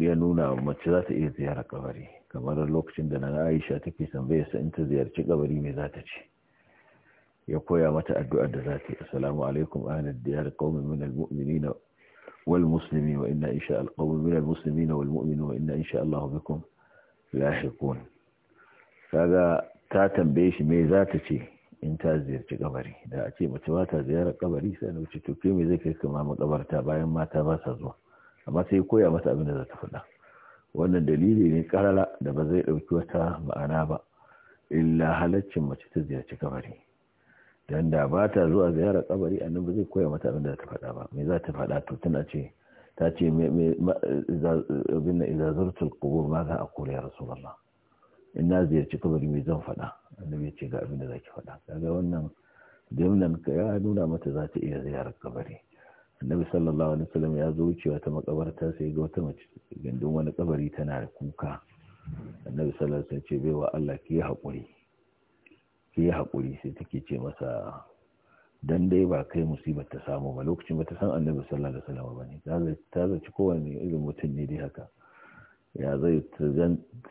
ya nuna mace za ta iya ziyara kabari kamar lokacin da na aisha take tambaya sa in ta ziyarci kabari me za ta ce ya koya mata addu'ar da za ta yi assalamu alaikum ahlal diyar qaumin min al-mu'minin wal muslimin wa inna insha Allah qaumin min al-muslimin wal mu'minin wa inna insha Allah bikum lahiqun kaga ta tambaye shi me za ta ce in ta ziyarci kabari da a ce mace ba ta ziyarar kabari sai na wuce tuke me zai kai kama makabarta bayan mata ba sa zuwa amma sai koya mata abin da za ta faɗa wannan dalili ne karara da ba zai ɗauki wata ma'ana ba illa halaccin mace ta ziyarci kabari dan da ba ta zuwa ziyarar kabari ba zai koya mata abin da za ta faɗa ba me za ta faɗa to tana ce ta ce abin da izazurtul qubur ma za a kula ya rasulullah in na ziyarci kabari mai zan faɗa annabi ya ce ga abin da zaki faɗa kaga wannan jimlan ya nuna mata za ta iya ziyarar kabari annabi sallallahu alaihi wasallam ya zo wucewa ta makabarta sai ga wata mace gindin wani kabari tana da kuka annabi sallallahu alaihi wasallam ce baiwa Allah ki haƙuri ki hakuri sai take ce masa dan dai ba kai musibar ta samu ba lokacin ba ta san annabi sallallahu alaihi wasallam bane ta zaci kowane irin mutum ne dai haka ya zai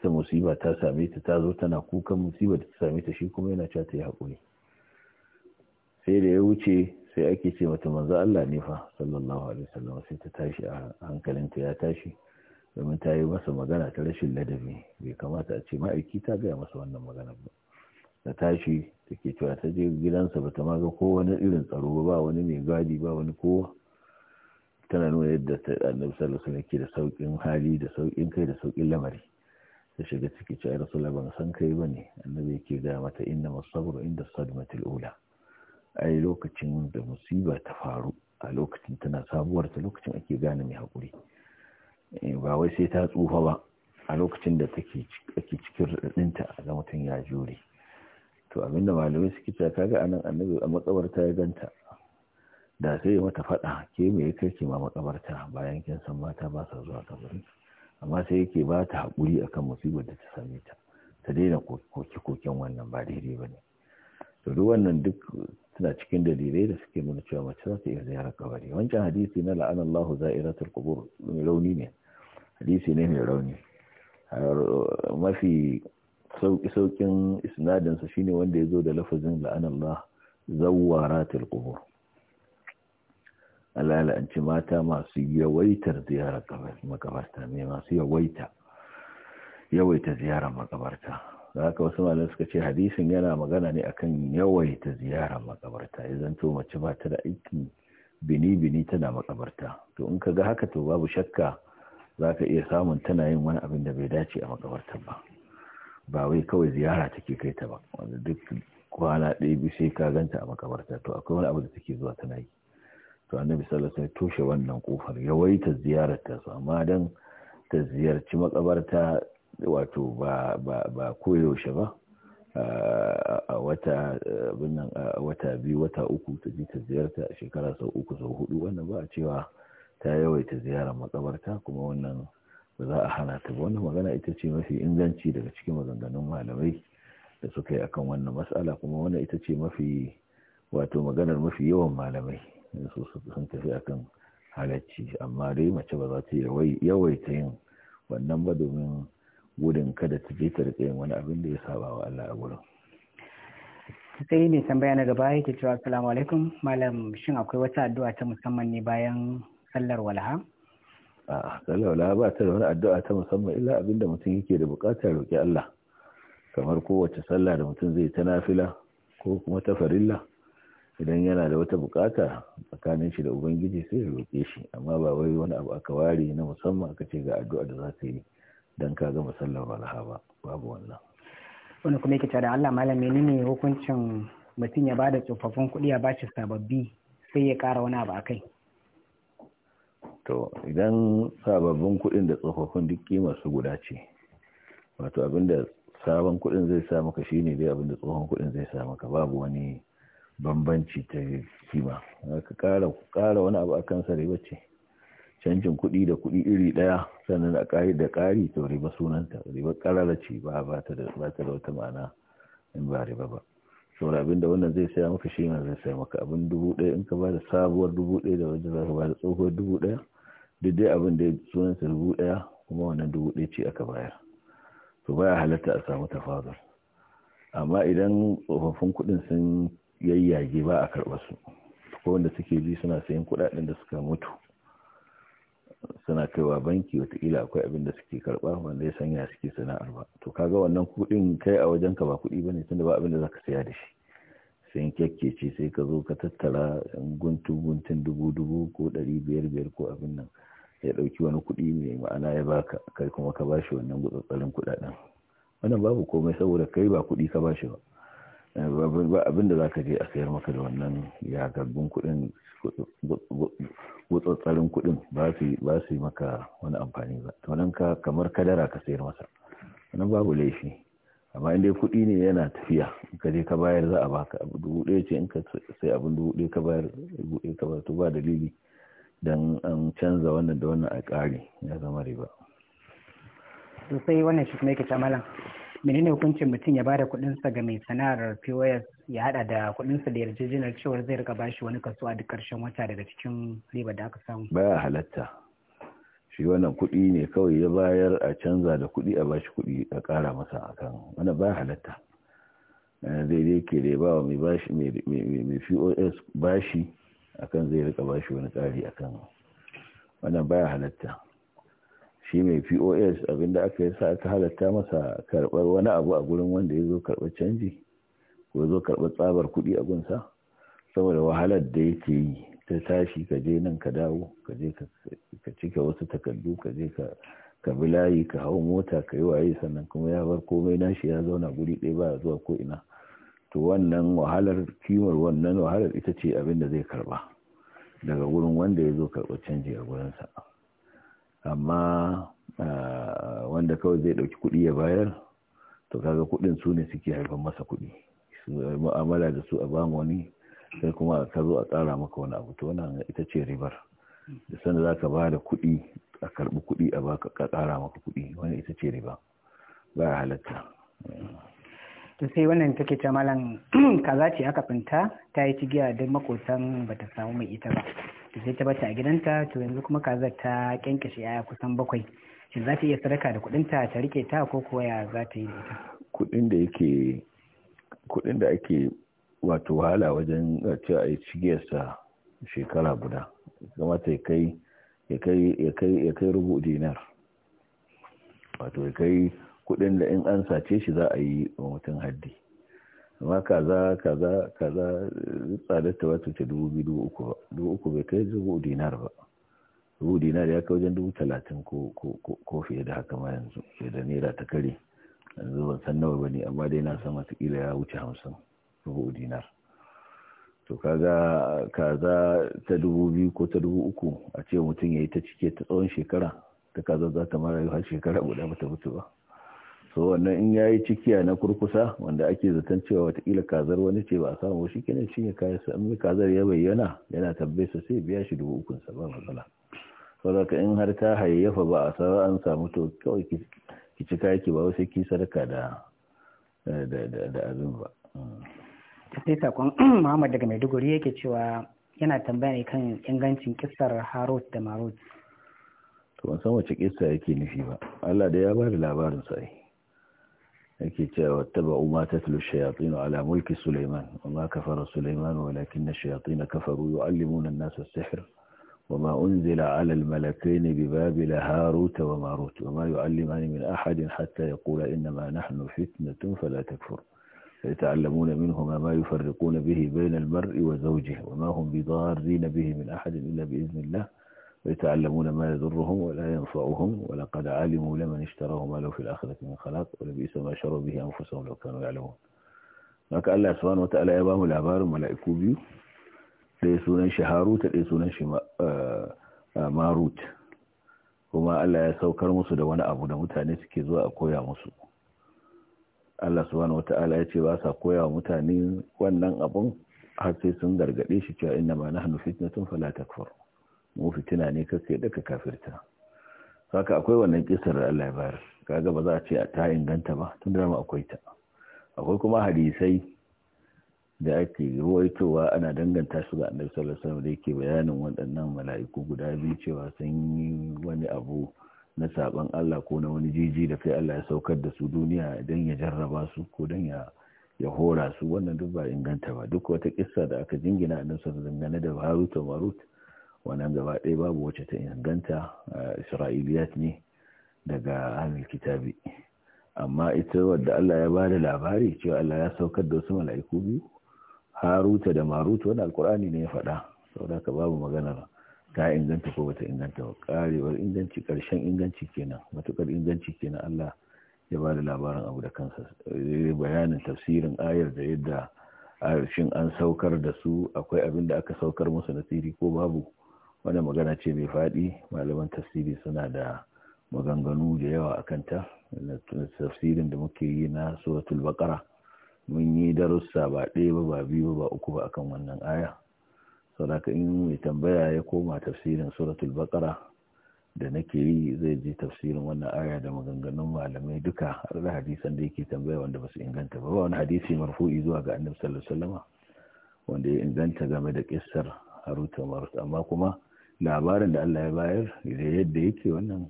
ta musiba ta same ta ta zo tana kukan musiba da ta same ta shi kuma yana cata ta yi haƙuri sai da ya wuce sai ake ce mata manzo Allah ne fa sallallahu alaihi wasallam sai ta tashi a hankalinta ya tashi domin ta yi masa magana ta rashin ladabi bai kamata a ce ma'aiki ta gaya masa wannan magana ba ta tashi take cewa ta je gidansa bata ma ga ko wani irin tsaro ba wani mai gadi ba wani kowa tana nuna yadda annabi sallallahu alaihi wasallam da saukin hali da saukin kai da saukin lamari ta shiga ciki cewa rasulullah ban san kai bane annabi yake ga mata inna masabru inda sadmatil ula ai lokacin da musiba ta faru a lokacin tana sabuwar ta lokacin ake gane mai hakuri eh, ba wai sai ta tsufa ba a lokacin da take ake cikin radinta ga mutum ya jure to abinda malamai suke ta kaga anan annabi a matsawar ya ganta da sai mata faɗa ke me ya kai ke ma makabarta bayan kin san mata ba sa zuwa kabari amma sai yake ba ta haƙuri akan musibar da ta same ta ta daina koke-koken wannan ba daidai ba ne to duk wannan duk suna cikin dalilai da suke nuna cewa mace za ta iya ziyarar kabari wancan hadisi na la'an Allahu za'iratul qubur mai rauni ne hadisi ne mai rauni mafi sauki saukin isnadinsa shine wanda ya zo da lafazin la'ana Allah zawwaratul qubur alala'anci mata masu yawaitar ziyarar makabarta mai masu yawaita yawaita ziyarar makabarta za ka wasu malamai suka ce hadisin yana magana ne akan yawaita ziyarar makabarta ya zanto mace ba ta da aiki bini-bini tana makabarta to in ka ga haka to babu shakka za ka iya samun tana yin wani abin da bai dace a makabartar ba ba wai kawai ziyara take kai ta ba wanda duk kwana ɗaya bi sai ka ganta a makabarta to akwai wani abu da take zuwa tana yi to annabi sallallahu alaihi toshe wannan kofar yawaita ziyarta su amma dan ta ziyarci makabarta wato ba ba ba koyaushe ba a wata binnan wata biyu wata uku ta ji ta ziyarta a shekara sau uku sau hudu wannan ba a cewa ta yawaita ziyarar makabarta kuma wannan ba za a hana ta ba wannan magana ita ce mafi inganci daga cikin maganganun malamai da suka yi akan wannan mas'ala kuma wannan ita ce mafi wato maganar mafi yawan malamai su sun tafi kan halarci, amma dai mace ba za ta yawaita yin wannan ba domin gudun kada ta je ta wani abin da ya saba wa Allah a gurin sai mai tambaya na gaba yake cewa assalamu alaikum malam shin akwai wata addu'a ta musamman ne bayan sallar Walaha? a sallar Walaha ba ta da wani addu'a ta musamman illa abin da mutum yake da bukatar roƙi Allah kamar kowace sallah da mutum zai ta nafila ko kuma ta farilla idan yana da wata bukata tsakanin shi da ubangiji sai ya roƙe shi amma ba wai wani abu aka ware na musamman aka ce ga addu'a da za ka yi dan ka ga musallar walaha ba babu wannan wani kuma yake da Allah malam ne hukuncin mutum ya bada tsofaffin kuɗi a bashi sababbi sai ya ƙara wani abu akai to idan sababbin kuɗin da tsofaffin duk kimar su guda ce wato abinda sabon kuɗin zai sa maka shine dai abinda tsohon kuɗin zai sa maka babu wani bambanci ta kima ka ƙara wani abu a kansa riba ce canjin kuɗi da kuɗi iri ɗaya sannan a ƙari da ƙari to riba sunanta riba ƙarara ce ba ba ta da wata ma'ana in ba riba ba saboda abin da wannan zai saya maka shi ma zai saya maka abin dubu ɗaya in ka ba da sabuwar dubu ɗaya da wajen ka ba da tsohuwar dubu ɗaya duk dai abin da sunanta dubu ɗaya kuma wannan dubu ɗaya ce aka bayar to baya halatta a samu tafadar amma idan tsofaffin kuɗin sun yayyage ba a karɓar su ko wanda suke ji suna sayan kuɗaɗen da suka mutu suna kaiwa banki wataƙila akwai abin da suke karɓa wanda ya sanya suke sana'ar ba to kaga wannan kuɗin kai a wajen ka ba kuɗi ne tunda ba abin da ka saya da shi sayan kyakke ce sai ka zo ka tattara guntun guntun dubu dubu ko ɗari biyar biyar ko abin nan ya ɗauki wani kuɗi mai ma'ana ya ba ka kai kuma ka bashi wannan gutsattsarin kuɗaɗen wannan babu komai saboda kai ba kuɗi ka bashi ba abinda za ka je a sayar maka da wannan ya yagaggun kudin gutsotsarin kudin ba su yi maka wani amfani ba to nan ka kamar kadara ka sayar masa wannan babu laifi amma inda dai kudi ne yana tafiya in ka je ka bayar za a baka abu dubu ɗaya ce in ka sai abin dubu ɗaya ka bayar dubu ɗaya ka bayar to ba dalili dan an canza wannan da wannan a ƙari ya zama riba. to sai wannan shi kuma yake ta malam menene hukuncin mutum ya bada sa ga mai sana'ar POS ya hada da sa da yarjejeniyar cewar zai rika bashi wani kaso a duk karshen wata daga cikin riba da aka samu baya halatta shi wannan kudi ne kawai ya bayar a canza da kudi a bashi kudi a kara masa akan wannan baya halatta daidai eh, ke da ba mai bashi mai POS bashi akan zai rika bashi wani tsari akan wannan baya halatta shi mai pos abinda aka yi sa aka halatta masa karɓar wani abu a gurin wanda ya zo karɓar canji ko zo karɓar tsabar kuɗi a gunsa saboda wahalar da yake yi ta tashi ka je nan ka dawo ka je ka cika wasu takardu ka je ka bi layi ka hau mota ka yi waye sannan kuma ya bar komai nashi ya zauna guri ɗaya ba zuwa ko ina to wannan wahalar kimar wannan wahalar ita ce abin da zai karba daga gurin wanda ya zo karɓar canji a gurinsa. amma ah, wanda kawai zai dauki kudi ya bayar to kaga kudin su ne suke haifar masa kudi su mu'amala da su a bamu wani sai kuma ka zo a tsara maka wani abu to wannan ita ce ribar da sanda za ka ba da kudi a karbi kudi a baka ka tsara maka kudi wani ita ce riba ba halatta to sai wannan take ta malam kaza ce aka finta ta yi cigiya don makotan bata samu mai ita ba sai ta bata a gidanta to yanzu kuma kazar ta kyankyashe yaya kusan bakwai shi za ta iya sadaka da kudin ta ta rike ta ko kuwa ya za ta yi da ita kudin da yake kudin da ake wato wahala wajen ce a yi cigiyarsa shekara guda zama ya ya kai ya kai rubu dinar wato ya kai kudin da in an sace shi za a yi wa mutum haddi amma kaza kaza kaza tsadar ta wata ce dubu biyu dubu uku ba dubu uku bai kai dubu dinar ba dubu dinar ya kai wajen dubu talatin ko ko fiye da haka ma yanzu fiye da naira ta kare yanzu ban san nawa ba ne amma dai na san masu kila ya wuce hamsin dubu dinar to kaga kaza ta dubu biyu ko ta dubu uku a ce mutum ya yi ta cike ta tsawon shekara ta kaza za ta mara har shekara guda ba ta mutu ba so wannan in yi cikiya na kurkusa wanda ake zaton cewa watakila kazar wani ce ba a samu shi ke shi ne kayan sa amma kazar ya bayyana yana tabbesa sai biya shi dubu ukun sa ba matsala saboda in har ta hayayyafa ba a sa an samu to kawai ki cika yake ba sai ki sadaka da da da azum ba sai sakon Muhammad daga Maiduguri yake cewa yana tambaya ne kan ingancin kisar Harut da Marut to ban san wace kisa yake nufi ba Allah da ya ba da labarin sai الكتاب واتبعوا ما تتلو الشياطين على ملك سليمان وما كفر سليمان ولكن الشياطين كفروا يعلمون الناس السحر وما أنزل على الملكين ببابل هاروت وماروت وما يعلمان من أحد حتى يقول إنما نحن فتنة فلا تكفر فيتعلمون منهما ما يفرقون به بين المرء وزوجه وما هم بضارين به من أحد إلا بإذن الله ويتعلمون ما يضرهم ولا ينفعهم ولقد علموا لمن اشتراه ما له في الآخرة من خلاق ولبئس ما شروا به أنفسهم لو كانوا يعلمون haka Allah subhanahu wata'ala ya bamu labarin mala'iku biyu ɗaya sunan shi Harut ɗaya sunan shi kuma Allah ya saukar musu da wani abu da mutane suke zuwa a koya musu Allah subhanahu wata'ala ya ce ba sa koya wa mutane wannan abun har sai sun gargaɗe shi cewa inna ma nahnu fitnatun fala takfur mu fitina ne kasu ya ka kafirta haka akwai wannan kisar Allah ya bayar kaga ba za a ce ta inganta ba tun da ma akwai ta akwai kuma hadisai da ake ruwaitowa ana danganta su ga annabi sallallahu alaihi wasallam da yake bayanin waɗannan mala'iku guda biyu cewa sun yi wani abu na saban Allah ko na wani jiji da kai Allah ya saukar da su duniya don ya jarraba su ko don ya ya hora su wannan duk ba inganta ba duk wata kissa da aka jingina annabi sallallahu alaihi wasallam da Harut da Marut wannan gaba ɗaya babu wacce ta inganta isra'iliyat ne daga ahlul kitabi amma ita wadda Allah ya bada labari cewa Allah ya saukar da wasu mala'iku biyu haruta da maruta wani alkur'ani ne ya faɗa saboda ka babu maganar ta inganta ko bata inganta ba karewar inganci karshen inganci kenan matukar inganci kenan Allah ya ba da labarin abu da kansa eh, bayanin tafsirin ayar da yadda shin an saukar da su akwai abin da aka saukar musu na tsiri ko babu wannan magana ce mai faɗi malaman tafsiri suna da maganganu da yawa a kanta tafsirin da muke yi na suratul Bakara mun yi darussa ba ɗaya ba ba biyu ba uku ba akan wannan aya saboda in mai tambaya ya koma tafsirin suratul baqara da nake yi zai je tafsirin wannan aya da maganganun malamai duka har da hadisan da yake tambaya wanda ba su inganta ba wani hadisi marfu'i zuwa ga annabi sallallahu alaihi wanda ya inganta game da kissar haruta amma kuma labarin da Allah ya bayar da yadda yake wannan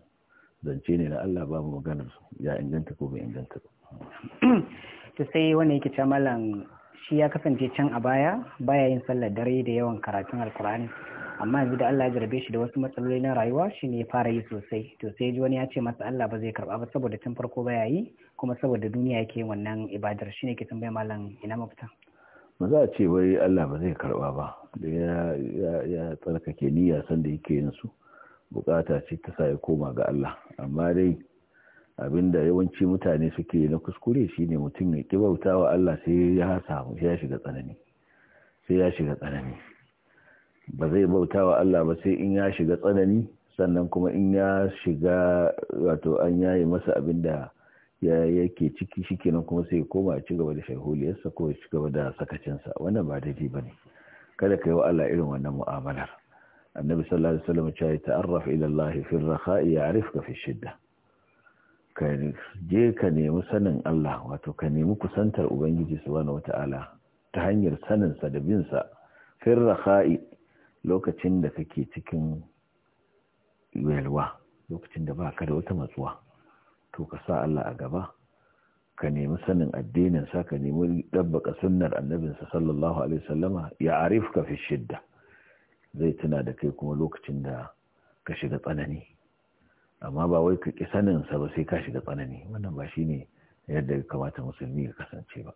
zance ne da Allah ba mu maganar ya inganta ko bai inganta ba to sai wanda yake ce malam shi ya kasance can a baya baya yin sallar dare da yawan karatun alkur'ani amma yanzu da Allah ya jarabe shi da wasu matsaloli na rayuwa shi ne ya fara yi sosai to sai ji wani ya ce masa Allah ba zai karba ba saboda tun farko baya yi kuma saboda duniya yake wannan ibadar shi ne ke tambaya malam ina mafita ba za a ce wai Allah ba zai karba ba da ya tsarkake niyya sanda yake yin su bukata ce ta sa ya koma ga Allah amma dai abinda yawanci mutane suke na kuskure shine mutum ya ki bauta wa Allah sai ya samu ya shiga tsanani sai ya shiga tsanani ba zai bauta Allah ba sai in ya shiga tsanani sannan kuma in ya shiga wato an yayi masa abinda ya yake ciki shikenan kuma sai ya koma a ci gaba da shaihuliyarsa ko ya ci gaba da sakacinsa wannan ba daidai ba ne kada ka yi wa Allah irin wannan mu'amalar annabi sallallahu alaihi wasallam ya ta'arraf ila Allah fi ar-rakha'i ya'rifka fi shidda ka je ka nemi sanin Allah wato ka nemi kusantar ubangiji subhanahu wata'ala ta hanyar sanin sa da bin sa fi ar-rakha'i lokacin da kake cikin yalwa lokacin da baka da wata matsuwa to ka sa Allah a gaba ka nemi sanin addinin sa ka nemi ɗabbaka sunnar annabinsa sallallahu alaihi wasallama ya ka fi shidda zai tuna da kai kuma lokacin da ka shiga tsanani amma ba wai ka sanin sa ba sai ka shiga tsanani wannan ba shi ne yadda ya kamata musulmi ya kasance ba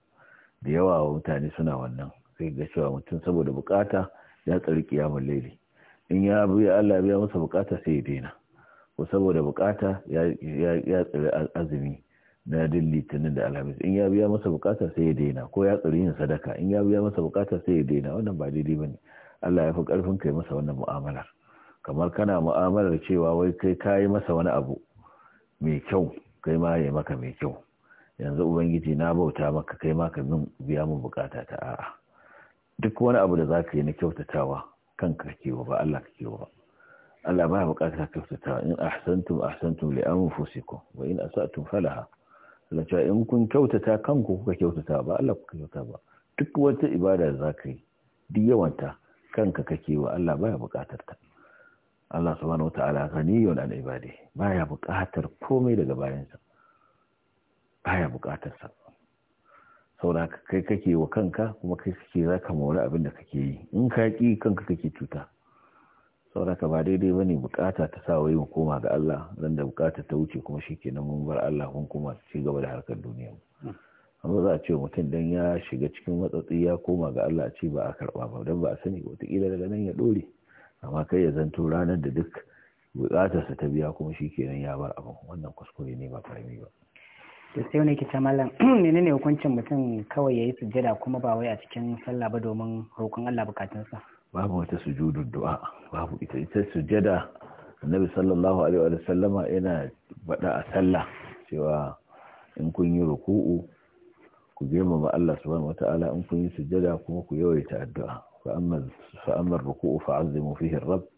da yawa mutane suna wannan sai ga cewa mutum saboda bukata ya tsari kiyamun laili in ya biya Allah biya masa bukata sai ya daina ko saboda bukata ya tsiri azumi na din litinin da alhamis in ya biya masa bukata sai ya daina ko ya tsiri yin sadaka in ya biya masa bukata sai ya daina wannan ba daidai ne? Allah ya fi karfin kai masa wannan mu'amalar kamar kana mu'amalar cewa wai kai kayi masa wani abu mai kyau kai ma ya maka mai kyau yanzu ubangiji na bauta maka kai ma ka min biya min bukata ta a'a duk wani abu da zaka yi na kyautatawa kanka kake ba Allah ka kewa ba Allah ba buƙatar kyautatawa in ahsantum ahsantum li anfusikum wa in asatum falaha Allah cewa in kun kyautata kanku kuka kyautata ba Allah kuka kyautata ba duk wata ibada da zaka yi duk yawanta kanka kake wa Allah baya buƙatar ta Allah subhanahu wata'ala ghaniyun an ibadi baya buƙatar komai daga bayansa baya buƙatar sa saboda kai kake wa kanka kuma kai kake zaka mora abin da kake yi in ka ki kanka kake cuta sauraka ba daidai ba ne bukata ta sa wai mu koma ga Allah dan da bukata ta wuce kuma shi kenan mun bar Allah mun kuma ci gaba da harkar duniya hmm. amma za a ce mutum dan ya shiga cikin matsatsi ya koma ga Allah a ce ba a karba ba dan ba a sani wataƙila daga nan ya dore amma kai ya zanto ranar da duk bukatarsa ta biya kuma shi kenan ya bar abin wannan kuskure ne ba karami ba to sai wani kita mallam menene hukuncin mutum kawai yayi sujjada kuma ba wai a cikin sallah ba domin roƙon Allah bukatunsa babu wata sujudu du'a babu ita ita sujada annabi sallallahu alaihi wa sallama yana bada a sallah cewa in kun yi ruku'u ku girma ma Allah subhanahu Ta'ala. in kun yi sujada kuma ku yawaita addu'a fa amma fa amma ruku'u fa azimu fihi rabb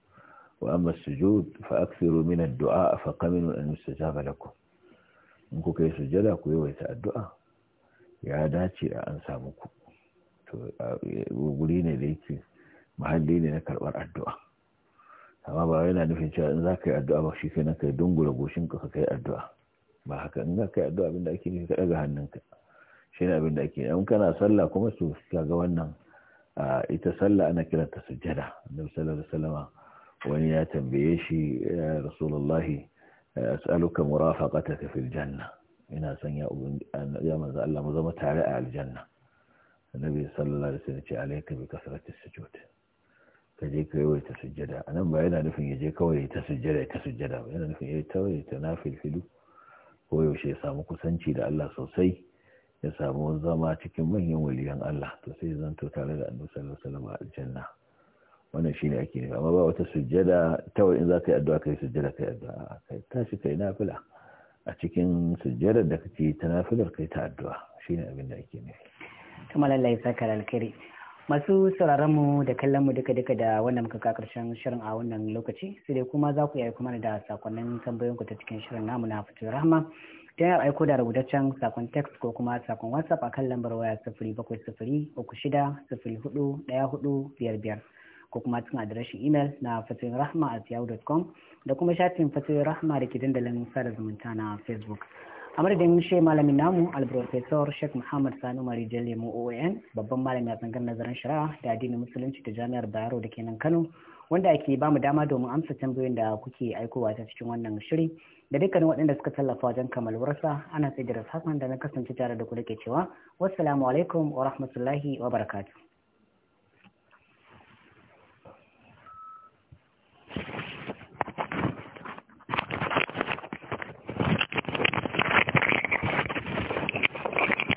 wa amma sujud fa akthiru min ad-du'a fa qaminu an yustajaba lakum in kuka yi sujada ku yawaita addu'a ya dace a an samu ku to guri ne da yake mahalli ne na karɓar addu'a amma ba yana nufin cewa in za ka yi addu'a ba shi kai na kai dungula goshin ka kai addu'a ba haka in za ka yi addu'a abinda ake nufi ka ɗaga hannunka shi ne abinda ake in kana sallah kuma su ga wannan ita sallah ana kiranta sujjada annabi sallallahu alaihi wasallam wani ya tambaye shi ya rasulullahi as'aluka murafaqataka fil janna ina son ya ya manzo Allah mu zama tare a aljanna annabi sallallahu alaihi wasallam ya ce alayka bi kasratis sujud ka je ka yi ta sujjada a nan ba yana nufin ya je kawai ta sujjada ta sujjada ba yana nufin ya yi kawai ta na filfilu ko yaushe ya samu kusanci da Allah sosai ya samu zama cikin manyan waliyan Allah to sai zanto tare da annabi sallallahu alaihi wasallam a aljanna wannan shine ake nufi amma ba wata sujjada kawai in za ka yi addu'a kai sujjada kai addu'a kai tashi kai nafila a cikin sujjadar da kake ta nafilar kai ta addu'a shine abin da ake nufi kamar Allah ya saka alkhairi masu sauraron mu da kallon mu duka duka da wannan muka karshen shirin a wannan lokaci sai dai kuma za ku iya kuma da sakonnin tambayoyin ku ta cikin shirin namu na fito Rahma, ta 'yar aiko da rubutaccen sakon text ko kuma sakon whatsapp a kan lambar waya sifiri bakwai sifiri uku shida sifiri hudu daya hudu biyar biyar ko kuma cikin adireshin imel na fatoyin rahama at yahoo.com da kuma shafin fatoyin Rahma da ke dandalin sada zumunta na facebook amar da shi malamin namu alprofesor sheikh muhammad sani mari lemo oon babban malami a tsangar nazarin shari'a da addinin musulunci da jami'ar bayero da kenan kano wanda ake bamu dama domin amsa tambayoyin da kuke aikowa ta cikin wannan shiri da dukkanin waɗanda suka tallafa wajen sa ana sai da hassan da na kasance tare da ku da ke cewa wassalamu alaikum wa rahmatullahi wa barakatuh